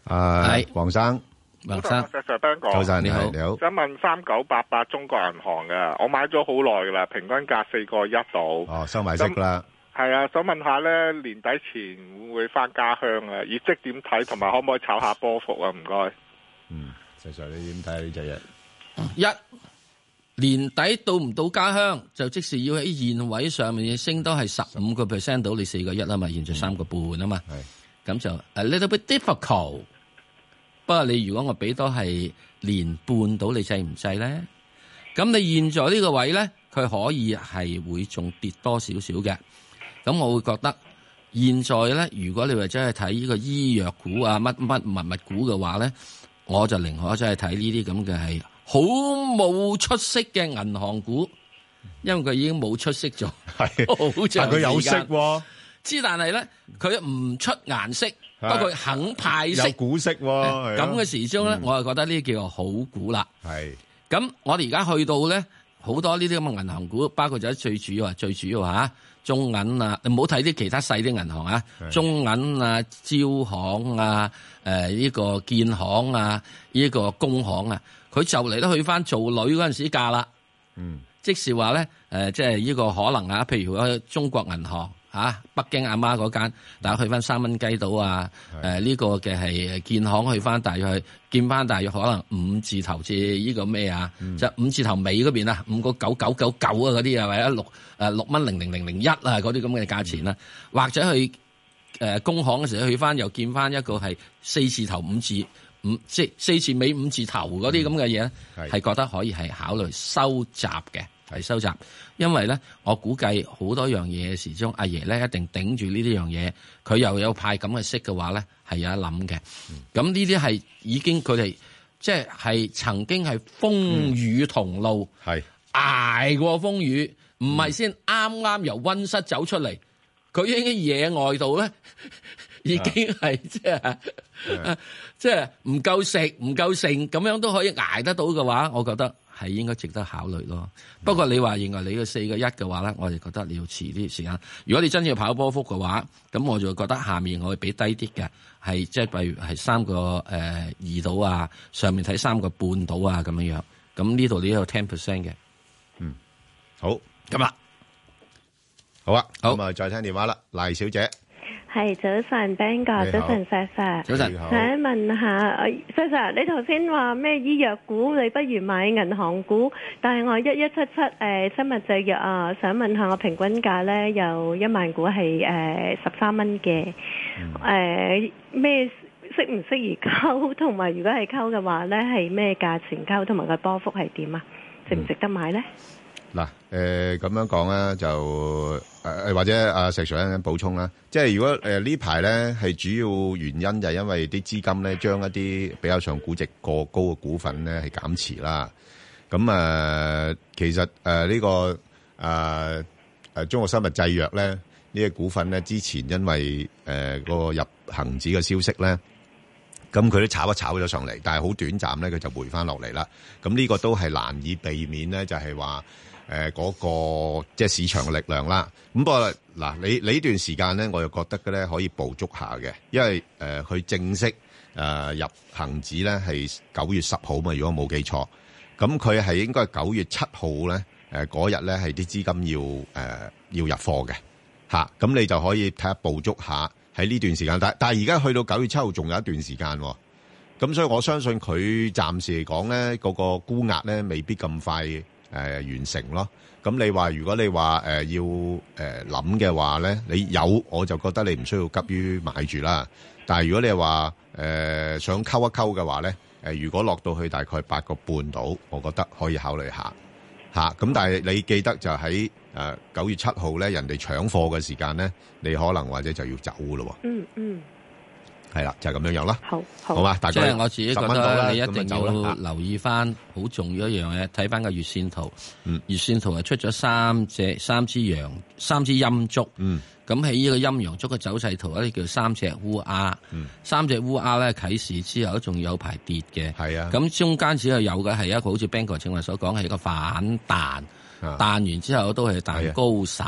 啊，係，黃生。梁生，救晒你,你好，想問三九八八中國銀行嘅，我買咗好耐噶啦，平均價四個一度，哦，收埋息啦。係啊，想問下咧，年底前會唔會翻家鄉啊？業績點睇，同埋可唔可以炒下波幅啊？唔該。嗯，石 sir, 你點睇呢隻嘢？一年底到唔到家鄉，就即時要喺現位上面升都係十五個 percent 到你四個一啊嘛，現在三個半啊嘛，咁就 a little bit difficult。不過你如果我俾多係年半到，你制唔制咧？咁你現在呢個位咧，佢可以係會仲跌多少少嘅。咁我會覺得，現在咧，如果你話真係睇呢個醫藥股啊，乜乜物物股嘅話咧，我就寧可真係睇呢啲咁嘅係好冇出息嘅銀行股，因為佢已經冇出息咗。係，好似佢有息喎、啊，之但係咧，佢唔出顏色。不過肯派息有股息喎、哦，咁嘅時中咧、嗯，我就覺得呢啲叫好股啦。係咁，我哋而家去到咧，好多呢啲咁嘅銀行股，包括就係最主要啊，最主要吓、啊、中銀啊，你唔好睇啲其他細啲銀行啊，中銀啊、招行啊、誒、這、呢個建行啊、呢、這個工行啊，佢就嚟都去翻做女嗰陣時價啦。嗯，即是話咧，誒、呃，即係呢個可能啊，譬如中國銀行。啊！北京阿媽嗰間，大家去翻三蚊雞到啊！呢、呃這個嘅係建行去翻，大約去見翻大約可能五字頭至呢、這個咩啊？嗯、就五字頭尾嗰邊啊，五個九九九九啊嗰啲啊？六誒六蚊零零零零一啊嗰啲咁嘅價錢啦，或者, 6, 6.、嗯、或者去誒工、呃、行嘅時候去翻又見翻一個係四字頭五字五即四,四字尾五字頭嗰啲咁嘅嘢，係覺得可以係考慮收集嘅。係收集，因為咧，我估計好多樣嘢時中阿爺咧一定頂住呢啲樣嘢，佢又派有派咁嘅息嘅話咧，係有一諗嘅。咁呢啲係已經佢哋即係係曾經係風雨同路，係、嗯、挨過風雨，唔係先啱啱由溫室走出嚟，佢喺啲野外度咧，已經係、啊、即係即係唔夠食唔夠剩，咁樣都可以挨得到嘅話，我覺得。係應該值得考慮咯。不過你，你話認為你個四個一嘅話咧，我就覺得你要遲啲時間。如果你真要跑波幅嘅話，咁我就覺得下面我會俾低啲嘅，係即係例如係三個誒二度啊，上面睇三個半度啊咁樣樣。咁呢度你都有 ten percent 嘅。嗯，好，咁啊好啊。好啊，咁啊再聽電話啦，黎小姐。係早晨 thank you，早晨，Sasa，早晨，早晨好。想問下，Sasa，你頭先話咩醫藥股，你不如買銀行股。但係我一一七七誒，生物製藥啊，想問下我平均價咧有一萬股係誒十三蚊嘅，誒咩適唔適宜溝？同埋如果係溝嘅話咧，係咩價錢溝？同埋個波幅係點啊？值唔值得買咧？嗯嗱，誒、呃、咁樣講咧，就誒、呃、或者阿、啊、石 Sir 咧補充啦，即係如果誒、呃、呢排咧係主要原因就係因為啲資金咧將一啲比較上估值過高嘅股份咧係減持啦。咁、嗯、啊、呃，其實誒呢、呃這個誒誒、呃、中國生物製藥咧呢啲、這個、股份咧之前因為誒、呃那個入恒指嘅消息咧，咁佢都炒一炒咗上嚟，但係好短暫咧佢就回翻落嚟啦。咁、嗯、呢、這個都係難以避免咧，就係、是、話。誒、呃，嗰、那個即係市場嘅力量啦。咁不過嗱，你你呢段時間咧，我又覺得咧可以捕捉下嘅，因為誒佢、呃、正式誒、呃、入恒指咧係九月十號嘛，如果冇記錯，咁佢係應該九月七號咧，誒嗰日咧係啲資金要誒、呃、要入貨嘅吓，咁你就可以睇下捕捉下喺呢段時間。但但係而家去到九月七號仲有一段時間，哦，咁所以我相信佢暫時嚟講咧，嗰、那個估壓咧未必咁快。誒、呃、完成咯，咁你話如果你、呃呃、話誒要誒諗嘅話咧，你有我就覺得你唔需要急於買住啦。但係如果你話誒、呃、想溝一溝嘅話咧、呃，如果落到去大概八個半度，我覺得可以考慮一下。咁、啊、但係你記得就喺誒九月七號咧，人哋搶貨嘅時間咧，你可能或者就要走咯喎。嗯嗯。係啦，就係、是、咁樣樣啦。好，好嘛，大家所以我自己覺得你一定要留意翻好重要一樣嘢，睇翻個月線圖。嗯，月線圖係出咗三隻、三支陽、三支陰燭。嗯，咁喺呢個陰陽燭嘅走勢圖咧，叫三隻烏鴉。三隻烏鴉咧啟示之後，仲有排跌嘅。係啊，咁中間只係有嘅係一個好似 Ben 哥正話所講係一個反彈，彈、啊、完之後都係彈高散。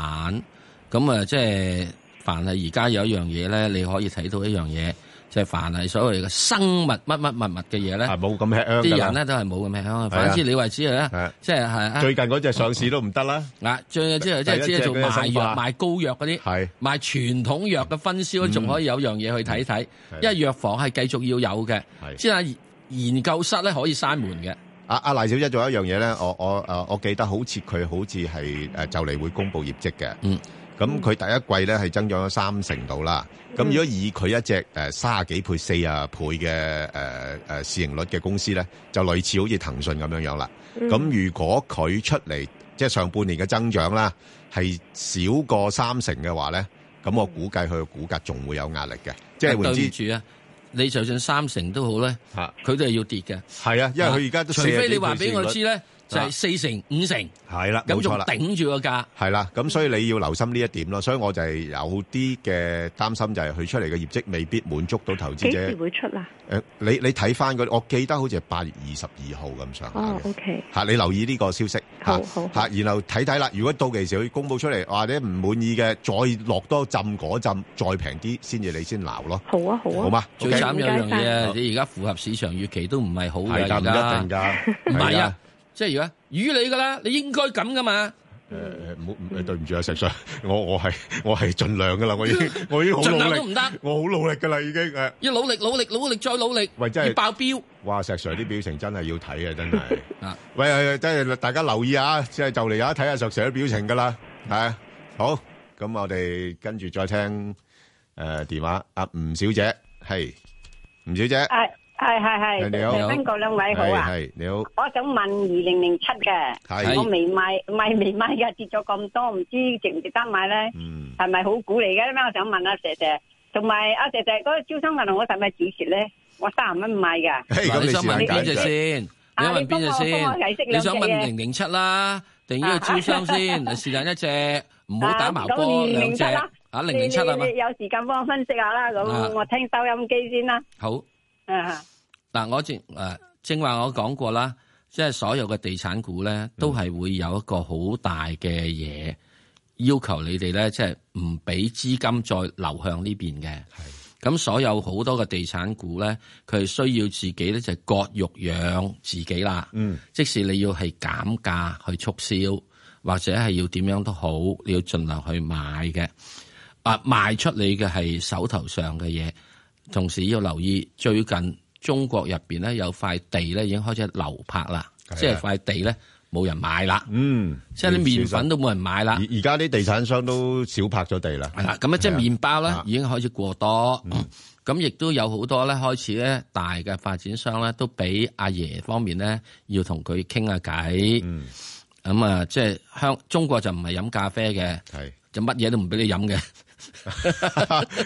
咁啊，即係凡係而家有一樣嘢咧，你可以睇到一樣嘢。即係凡係所謂嘅生物乜乜物物嘅嘢咧，冇咁吃香。啲人咧都係冇咁吃香。反之你為止，你話之後咧，即係係最近嗰隻上市都唔得啦。嗱、啊，最近之後即係只係做賣藥、賣膏藥嗰啲，賣傳統藥嘅分銷，仲、嗯、可以有樣嘢去睇睇、嗯啊。因為藥房係繼續要有嘅，即係、啊、研究室咧可以閂門嘅。阿阿賴小姐做一樣嘢咧，我我誒我記得好似佢好似係誒就嚟會公布業績嘅。嗯咁佢第一季咧係增長咗三成度啦。咁如果以佢一隻誒三十幾倍四十倍嘅誒誒市盈率嘅公司咧，就類似好似騰訊咁樣樣啦。咁、嗯、如果佢出嚟即係上半年嘅增長啦係少過三成嘅話咧，咁我估計佢嘅股價仲會有壓力嘅。即係會支住啊！你就算三成都好咧，佢都係要跌嘅。係啊，因為佢而家都除非你話俾我知呢。就係四成五成，係啦，咁仲頂住個價，係啦，咁所以你要留心呢一點咯，所以我就係有啲嘅擔心就係佢出嚟嘅業績未必滿足到投資者。幾時會出啊？誒，你你睇翻，佢，我記得好似係八月二十二號咁上下嘅。哦，OK。吓，你留意呢個消息。好。吓，然後睇睇啦，如果到期時佢公布出嚟或者唔滿意嘅，再落多浸嗰浸，再平啲先至，你先鬧咯。好啊，好啊。好嘛。最慘有一樣嘢，你而家符合市場預期都唔係好噶，而家。係唔一定噶。唔係啊。即係而家，於你噶啦，你應該咁噶嘛？誒誒，唔好誒，對唔住啊，石 Sir，我我係我係盡量噶啦，我已經我已經好努力都唔得，我好努力噶啦，已經誒，要努力努力努力再努力，喂，真係爆表！哇，石 Sir 啲表情真係要睇啊，真係啊，喂，真係大家留意下，即係就嚟有得睇啊，石 Sir 啲表情噶啦，係啊，好，咁我哋跟住再聽誒電話，阿吳小姐係吳小姐。係係係，你好，邊個兩位好啊？你好，我想問二零零七嘅，我未買，買未買噶，跌咗咁多，唔知值唔值得買咧？係咪好股嚟嘅？咁我想問阿蛇蛇，同埋阿蛇蛇嗰個招商銀行，我使咪止蝕咧？我三十蚊唔買嘅。咁你問邊隻先？你問邊隻先？你想問零零七啦，定呢個招商先？時間一隻，唔好打麻波，兩隻。啊，零零七啦，啊零零七啦，有時間幫我分析下啦。咁我聽收音機先啦。好。啊！嗱，我正誒正話，我講過啦，即係所有嘅地產股咧，都係會有一個好大嘅嘢要求你哋咧，即係唔俾資金再流向呢邊嘅。係咁，所有好多嘅地產股咧，佢需要自己咧就係割肉養自己啦。嗯，即使你要係減價去促銷，或者係要點樣都好，你要盡量去買嘅。啊，賣出你嘅係手頭上嘅嘢。同時要留意，最近中國入邊咧有塊地咧已經開始流拍啦，即係塊地咧冇人買啦，嗯，即係啲麵粉都冇人買啦。而家啲地產商都少拍咗地啦。係啦，咁啊，即係麪包咧已經開始過多，咁亦都有好多咧開始咧大嘅發展商咧都俾阿爺方面咧要同佢傾下偈。嗯，咁啊，即係香中國就唔係飲咖啡嘅，係就乜嘢都唔俾你飲嘅。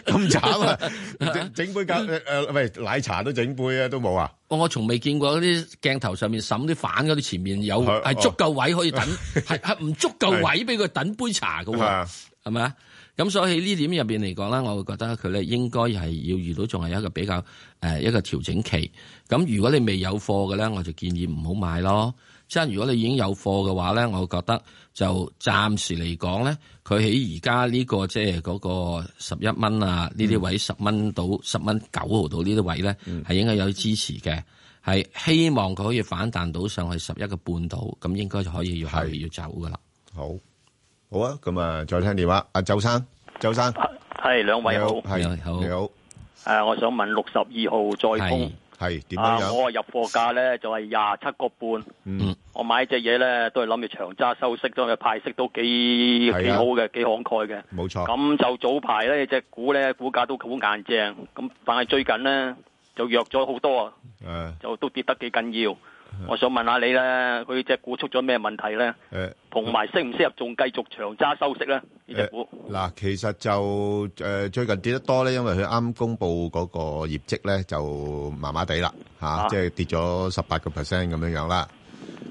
咁 慘啊！整杯咖啡，誒、呃，喂，奶茶都整杯啊，都冇啊。我我從未見過嗰啲鏡頭上面審啲反嗰啲，前面有係足夠位可以等，係係唔足夠位俾佢等杯茶噶嘛？係咪啊？咁、啊、所以呢點入邊嚟講啦，我會覺得佢咧應該係要遇到仲係一個比較誒、呃、一個調整期。咁如果你未有貨嘅咧，我就建議唔好買咯。真如果你已經有貨嘅話咧，我覺得就暫時嚟講咧，佢喺而家呢個即係嗰個十一蚊啊，呢、嗯、啲位十蚊到十蚊九毫到呢啲位咧，係、嗯、應該有支持嘅，係希望佢可以反彈到上去十一個半度，咁應該就可以要係要走噶啦。好，好啊，咁啊，再聽電話，阿周生，周生，係、啊、兩位好，係好，你好，誒，uh, 我想問六十二號再通。係點、啊、我啊入貨價咧就係廿七個半，嗯，我買隻嘢咧都係諗住長揸收息，所以派息都幾幾、啊、好嘅，幾慷慨嘅。冇錯。咁就早排咧隻股咧股價都好硬正，咁但係最近咧就弱咗好多，誒、嗯，就都跌得幾緊要。我想問下你咧，佢隻股出咗咩問題咧？誒，同埋適唔適合仲繼續長揸收息咧？呢隻股嗱，其實就誒最近跌得多咧，因為佢啱公布嗰個業績咧就麻麻地啦吓，即係跌咗十八個 percent 咁樣樣啦。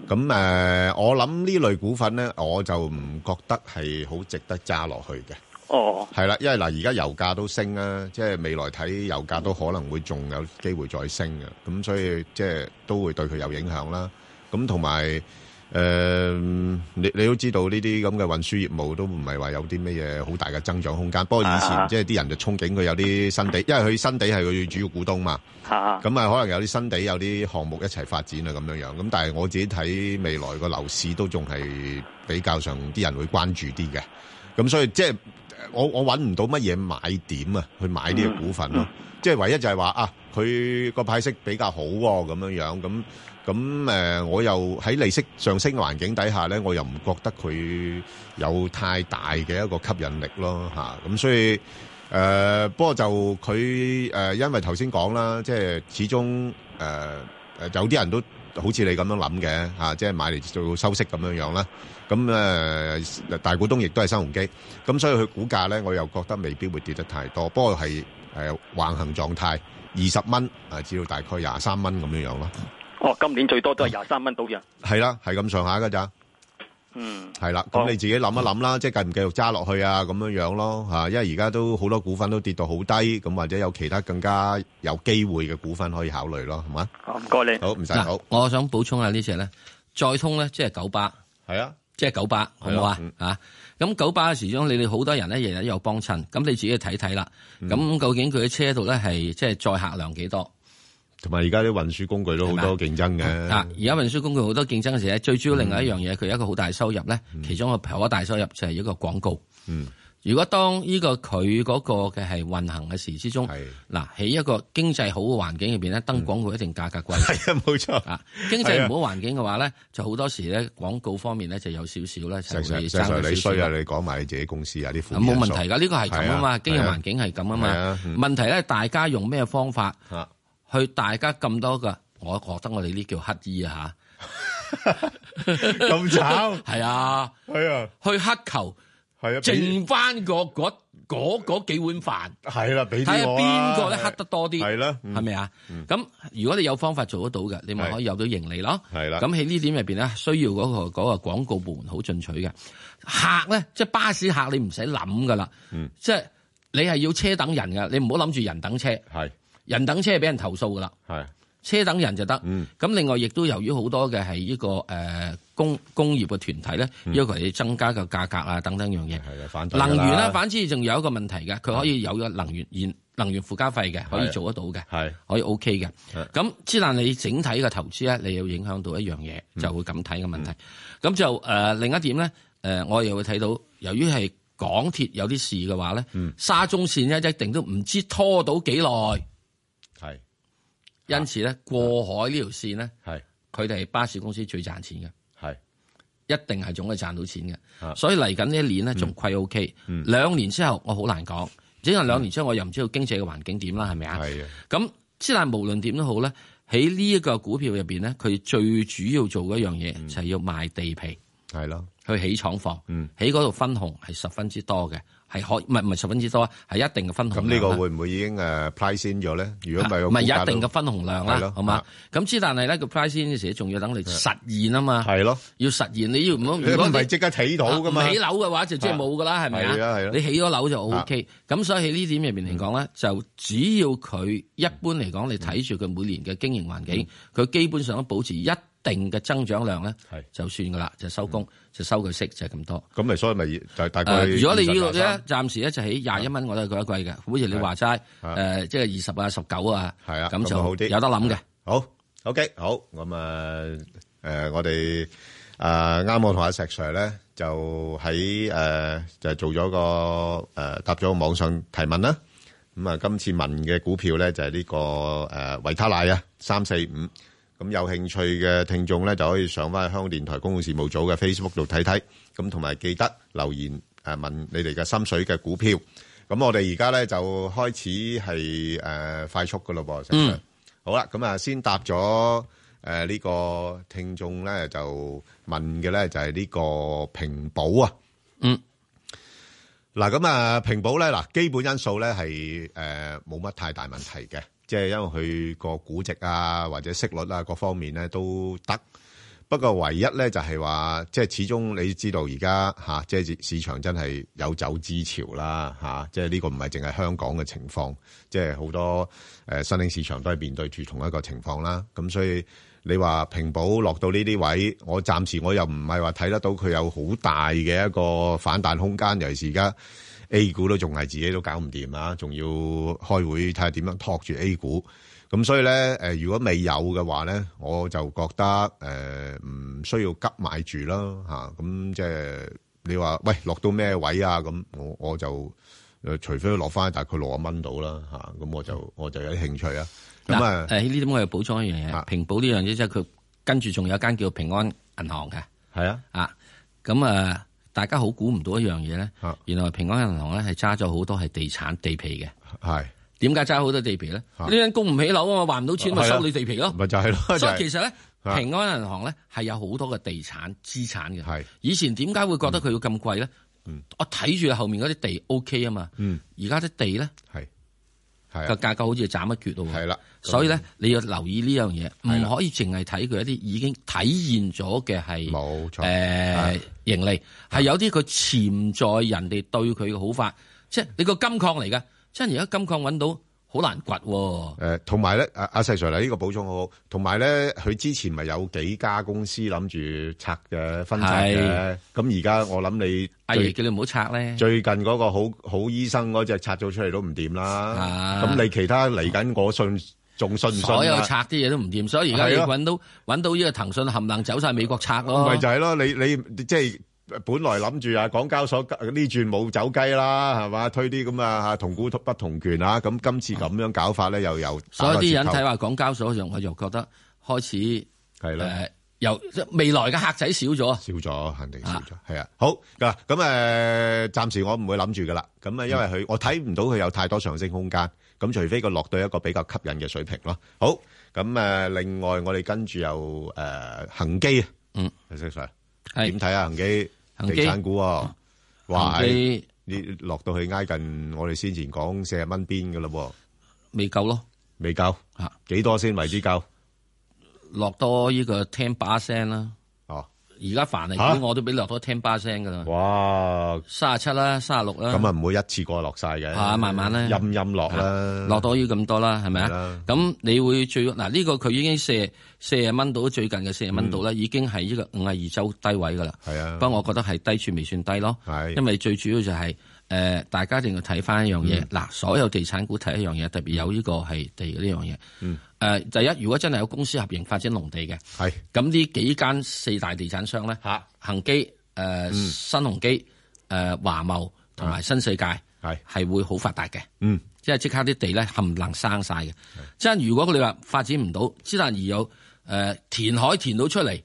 咁誒，我諗呢類股份咧，我就唔覺得係好值得揸落去嘅。哦，係啦，因為嗱，而家油價都升啦，即係未來睇油價都可能會仲有機會再升嘅，咁所以即係都會對佢有影響啦。咁同埋誒，你你都知道呢啲咁嘅運輸業務都唔係話有啲咩嘢好大嘅增長空間。不過以前即係啲人就憧憬佢有啲新地，因為佢新地係佢主要股東嘛。咁啊可能有啲新地有啲項目一齊發展啊咁樣樣。咁但係我自己睇未來個樓市都仲係比較上啲人會關注啲嘅。咁所以即係。我我揾唔到乜嘢買點啊，去買呢個股份咯，即係唯一就係話啊，佢個派息比較好喎，咁樣樣，咁咁誒，我又喺利息上升嘅環境底下咧，我又唔覺得佢有太大嘅一個吸引力咯，嚇、啊，咁所以誒、呃，不過就佢誒、呃，因為頭先講啦，即係始終誒、呃、有啲人都。好似你咁樣諗嘅、啊、即係買嚟做收息咁樣樣啦。咁誒、呃，大股東亦都係新鴻基，咁所以佢股價咧，我又覺得未必會跌得太多。不過係誒、呃、橫行狀態，二十蚊，只要大概廿三蚊咁樣樣咯。哦，今年最多都係廿三蚊到嘅。係、啊、啦，係咁上下㗎咋。就是嗯，係啦，咁、嗯、你自己諗一諗啦、嗯，即係繼唔繼續揸落去啊？咁樣樣咯吓，因為而家都好多股份都跌到好低，咁或者有其他更加有機會嘅股份可以考慮咯，係、嗯、嘛？好，唔該你。好、嗯，唔使。好，我想補充一下呢隻咧，載通咧，即係九巴係啊，即、就、係、是、九巴好唔好啊？吓，咁、嗯、九巴嘅時鐘你哋好多人咧，日日都有幫襯，咁你自己睇睇啦。咁、嗯、究竟佢嘅車度咧，係即係載客量幾多？同埋而家啲運輸工具都好多競爭嘅。啊、嗯，而家運輸工具好多競爭嘅時呢，最主要另外一樣嘢，佢、嗯、有一個好大收入咧、嗯，其中一個好大收入就係一個廣告。嗯，如果當呢個佢嗰個嘅係運行嘅時之中，嗱喺一個經濟好嘅環境入邊咧，登廣告一定價格貴。係、嗯、啊，冇錯。啊，經濟唔好環境嘅話咧，就好多時咧廣告方面咧就有少少咧，就會爭少少。正你衰啊！你講埋你自己公司啊啲苦。咁冇問題噶，呢、這個係咁啊嘛，經濟環境係咁啊嘛。問題咧，大家用咩方法？去大家咁多嘅，我覺得我哋呢叫乞衣 麼慘 啊吓，咁慘，係啊，去乞求，啊、剩返個嗰嗰嗰幾碗飯，係啦、啊，睇下邊個咧乞得多啲，係啦，係咪啊？咁、啊嗯啊、如果你有方法做得到嘅，你咪可以有到盈利咯。係啦、啊，咁喺呢點入面咧，需要嗰、那個嗰、那個、廣告部門好進取嘅客咧，即係巴士客你唔使諗噶啦，即係你係要車等人嘅，你唔好諗住人等車。係。人等車係俾人投訴噶啦，係車等人就得。咁、嗯、另外亦都由於好多嘅係呢個誒工工業嘅團體咧、嗯，要求你增加個價格啊等等樣嘢。係反能源啦，反之仲有一個問題嘅，佢可以有個能源現能源附加費嘅，可以做得到嘅，係可以 O K 嘅。咁之但你整體嘅投資咧，你要影響到一樣嘢就會咁睇嘅問題。咁、嗯、就誒、呃、另一點咧，誒、呃、我又會睇到由於係港鐵有啲事嘅話咧、嗯，沙中線咧一定都唔知拖到幾耐。因此咧、啊，過海呢條線咧，佢哋係巴士公司最賺錢嘅，係一定係總係賺到錢嘅。所以嚟緊呢一年咧、OK, 嗯，仲虧 OK。兩年之後，我好難講。整陣兩年之後，我又唔知道經濟嘅環境點啦，係咪啊？咁，但係無論點都好咧，喺呢一個股票入邊咧，佢最主要做一樣嘢就係要賣地皮，係咯，去起廠房，嗯，喺嗰度分紅係十分之多嘅。係可唔係唔係十分之多，係一定嘅分紅量。咁呢個會唔會已經誒 Price in 咗咧？如果唔係，唔係一定嘅分紅量啦，好嘛？咁之但係咧，Price in 嘅時，仲要等你實現啊嘛，係咯，要實現你要唔好？如果唔係即刻睇到噶嘛，啊、起樓嘅話就即係冇噶啦，係咪啊？你起咗樓就 OK。咁所以喺呢點入邊嚟講咧，就只要佢一般嚟講，你睇住佢每年嘅經營環境，佢基本上都保持一。定嘅增長量咧，係就算噶啦，就收工，就收佢息就係咁多。咁咪所以咪就係大概。如果你要咧，暫時咧就喺廿一蚊，我都係覺得貴嘅。好似你話齋，誒，即係二十啊、十九啊，係啊，咁就好啲有得諗嘅。好，OK，好，咁誒誒，我哋啊啱好同阿石 Sir 咧就喺誒就係做咗個誒答咗個網上提問啦。咁啊，今次問嘅股票咧就係呢個誒維他奶啊，三四五。咁有興趣嘅聽眾咧，就可以上翻去香港電台公共事務組嘅 Facebook 度睇睇，咁同埋記得留言誒問你哋嘅心水嘅股票。咁我哋而家咧就開始係誒快速噶咯噃，好啦，咁啊先答咗誒呢個聽眾咧就問嘅咧就係呢個平保啊，嗯，嗱咁啊平保咧嗱基本因素咧係誒冇乜太大問題嘅。即係因為佢個估值啊，或者息率啊，各方面咧都得。不過唯一咧就係話，即係始終你知道而家嚇，即係市場真係有走資潮啦嚇。即係呢個唔係淨係香港嘅情況，即係好多誒新興市場都係面對住同一個情況啦。咁所以你話平保落到呢啲位，我暫時我又唔係話睇得到佢有好大嘅一個反彈空間，尤其是而家。A 股都仲係自己都搞唔掂啊！仲要開會睇下點樣托住 A 股，咁所以咧誒如果未有嘅話咧，我就覺得誒唔、呃、需要急買住啦嚇，咁即係你話喂落到咩位啊？咁我我就，我就除非落翻大概六啊蚊到啦嚇，咁我就我就有啲興趣、嗯、啊。咁啊誒呢啲我又補充、啊就是、一樣嘢，平保呢樣嘢即係佢跟住仲有間叫平安銀行嘅，係啊啊咁啊。啊大家好估唔到一樣嘢咧，原來平安銀行咧係揸咗好多係地產地皮嘅。係點解揸好多地皮咧？呢啲人供唔起樓啊嘛，還唔到錢咪收你地皮咯。咪就係囉。所以其實咧，平安銀行咧係有好多嘅地產資產嘅。係以前點解會覺得佢要咁貴咧？嗯，我睇住後面嗰啲地 OK 啊嘛。嗯，而家啲地咧個價格好似斬一決咯，係啦，所以咧你要留意呢樣嘢，唔可以淨係睇佢一啲已經體現咗嘅係，冇錯，呃，誒盈利係有啲佢潛在人哋對佢嘅好法，即係你個金礦嚟㗎，即係而家金礦揾到。好難掘喎，誒，同埋咧，阿阿細 Sir，你呢個補充好好，同埋咧，佢之前咪有幾家公司諗住拆嘅分拆嘅，咁而家我諗你，阿爺叫你唔好拆咧，最近嗰個好好醫生嗰隻拆咗出嚟都唔掂啦，咁你其他嚟緊嗰信仲信唔信啊？所有拆啲嘢都唔掂，所以而家你揾到揾到呢個騰訊冚唪唥走曬美國拆咯，咪就係咯，你你即係。本來諗住啊，港交所呢轉冇走雞啦，係嘛，推啲咁啊，同股不同權啊，咁今次咁樣搞法咧，又有所以啲人睇話港交所，就我就覺得開始係啦，由未來嘅客仔少咗，少咗肯定少咗，係啊，好嗱，咁誒，暫時我唔會諗住噶啦，咁啊，因為佢我睇唔到佢有太多上升空間，咁除非佢落到一個比較吸引嘅水平咯。好，咁誒，另外我哋跟住又誒恒基啊，嗯，你識唔識啊？點睇啊恒基？恒基地產股啊，話呢落到去挨近我哋先前講四十蚊邊嘅啦，未夠咯？未夠吓？幾多先為之夠？落多呢個聽把聲啦。而家煩啊！我都俾落多聽巴聲嘅啦，哇，三十七啦，三十六啦，咁啊唔會一次過落晒嘅，啊，慢慢啦陰陰落啦，落到要多要咁多啦，係咪啊？咁你會最嗱呢、啊呢個佢已經四、四十蚊到最近嘅四十蚊到啦，已經係呢個五十二周低位㗎啦，係啊，不過我覺得係低處未算低咯，係，因為最主要就係、係。誒，大家一定要睇翻一樣嘢，嗱、嗯，所有地產股睇一樣嘢，特別有呢、這個係地嘅呢樣嘢。嗯。誒、呃，第一，如果真係有公司合營發展農地嘅，係。咁呢幾間四大地產商咧，吓，恒基、誒、呃嗯、新鴻基、誒華懋同埋新世界，係係會好發達嘅。嗯。即係即刻啲地咧冚唪唥生晒嘅。即係如果你話發展唔到，之但而有誒、呃、填海填到出嚟，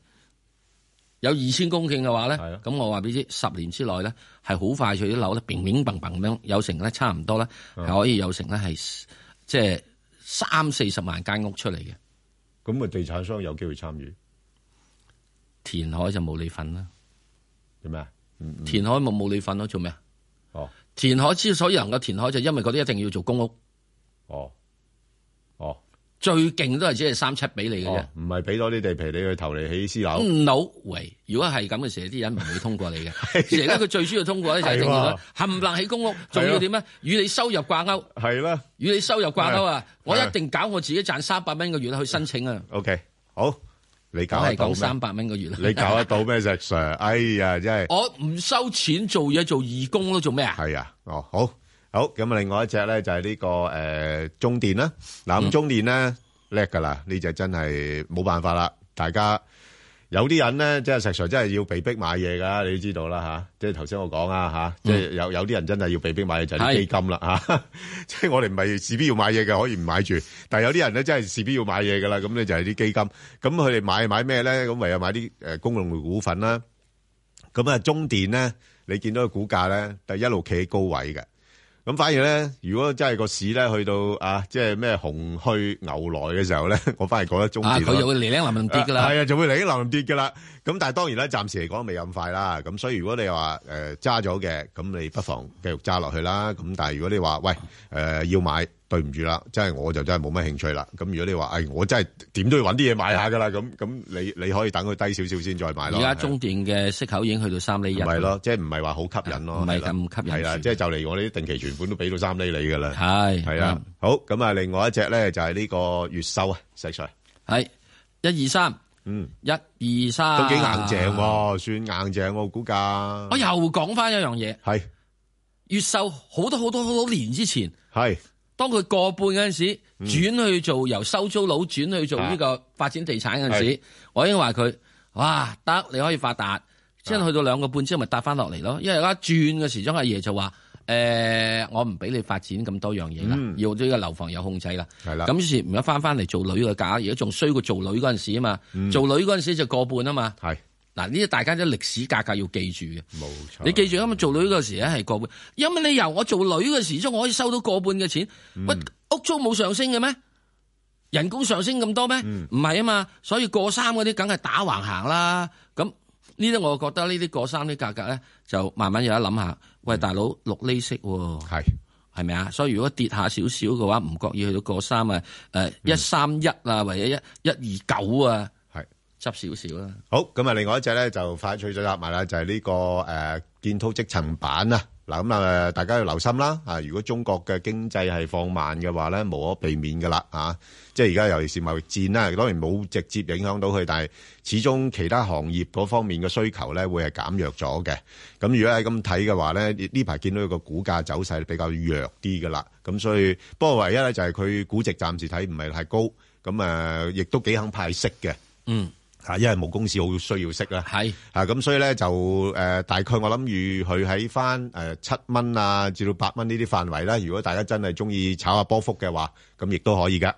有二千公頃嘅話咧，咁我話俾你知，十年之內咧。係好快去樓，除啲樓咧，平平，嘭嘭咁樣，有成咧差唔多咧，係、嗯、可以有成咧，係即係三四十萬間屋出嚟嘅。咁、嗯、啊，地產商有機會參與？填海就冇你份啦，做咩啊？填、嗯嗯、海咪冇你份咯？做咩啊？哦，填海之所以能夠填海，就因為嗰啲一定要做公屋。哦。最勁都係只係三七俾你嘅啫，唔係俾多啲地皮你去投嚟起私樓。No way，喂，如果係咁嘅時候，啲人唔會通過你嘅。而家佢最主要通過咧就係點啊，冚唪唥起公屋，仲要點咧？與你收入掛鈎。係啦，與你收入掛鈎啊！我一定搞我自己賺三百蚊個月去申請啊。OK，好，你搞係搞三百蚊個月，你搞得到咩？Sir，哎呀，真係我唔收錢做嘢，做義工都做咩啊？係啊，哦，好。好咁啊！另外一隻咧就係呢個誒中電啦。嗱，咁中電咧叻噶啦，呢隻真係冇辦法啦。大家有啲人咧，即係實在真係要被逼買嘢噶，你都知道啦吓。即係頭先我講啊吓，即係有有啲人真係要被逼買嘢就係基金啦吓。即係我哋唔係事必要買嘢嘅，可以唔買住，但係有啲人咧真係事必要買嘢噶啦。咁咧就係啲基金，咁佢哋買買咩咧？咁唯有買啲誒公用股股份啦。咁啊，中電咧，你見到個股價咧，第一路企喺高位嘅。咁反而咧，如果真係個市咧去到啊，即係咩熊去牛來嘅時候咧，我反而覺得中意啊，佢就會嚟零落落跌㗎啦。係啊，就會嚟，零落跌㗎啦。咁但係當然呢，暫時嚟講未咁快啦。咁所以如果你話誒揸咗嘅，咁、呃、你不妨繼續揸落去啦。咁但係如果你話喂誒、呃、要買，對唔住啦，即係我就真係冇乜興趣啦。咁如果你話誒、哎、我真係點都要搵啲嘢買下噶啦，咁咁你你可以等佢低少少先再買啦。而家中電嘅息口已經去到三厘一，唔係咯，即係唔係話好吸引咯，唔係咁吸引。係、啊、啦，即係就嚟、是、我啲定期存款都俾到三厘你噶啦。係係啊，好咁啊，另外一隻咧就係呢個越秀啊，細係一二三。嗯，一、二、三都幾硬淨喎，算硬淨我估價。我又講翻一樣嘢，係越秀好多好多好多年之前，係當佢過半嗰陣時，轉、嗯、去做由收租佬轉去做呢個發展地產嗰陣時，我已經話佢，哇，得你可以發達，之後去到兩個半之後咪搭翻落嚟咯，因為而家轉嘅時，鍾阿爺就話。誒、呃，我唔俾你發展咁多樣嘢啦，要呢個樓房有控制啦。係啦，咁於是唔一翻翻嚟做女嘅價，而家仲衰過做女嗰陣時啊嘛、嗯。做女嗰陣時就過半啊嘛。係，嗱呢啲大家啲歷史價格要記住嘅。冇錯，你記住咁做女嗰時咧係過半，有乜理由我做女嗰時，我可以收到過半嘅錢。喂、嗯，屋租冇上升嘅咩？人工上升咁多咩？唔係啊嘛，所以過三嗰啲梗係打橫行啦。呢啲我覺得呢啲過三啲價格咧，就慢慢有得諗下。喂大，大、嗯、佬六厘息喎、啊，係係咪啊？所以如果跌下少少嘅話，唔覺意去到過三啊，誒一三一啊、嗯，或者一一二九啊，係執少少啦。好，咁啊，另外一隻咧就快脆咗啦，就係、是、呢、這個誒、呃、建滔積層板啊。嗱咁啊，大家要留心啦！如果中國嘅經濟係放慢嘅話咧，無可避免㗎啦，啊！即係而家尤其是貿易戰啦，當然冇直接影響到佢，但係始終其他行業嗰方面嘅需求咧會係減弱咗嘅。咁如果係咁睇嘅話咧，呢排見到個股價走勢比較弱啲㗎啦。咁所以不過唯一咧就係佢估值暫時睇唔係太高，咁亦都幾肯派息嘅。嗯。啊，因為冇公司好需要識啦，係啊，咁所以咧就、呃、大概我諗預佢喺翻誒七蚊啊至到八蚊呢啲範圍啦。如果大家真係中意炒下波幅嘅話，咁亦都可以噶。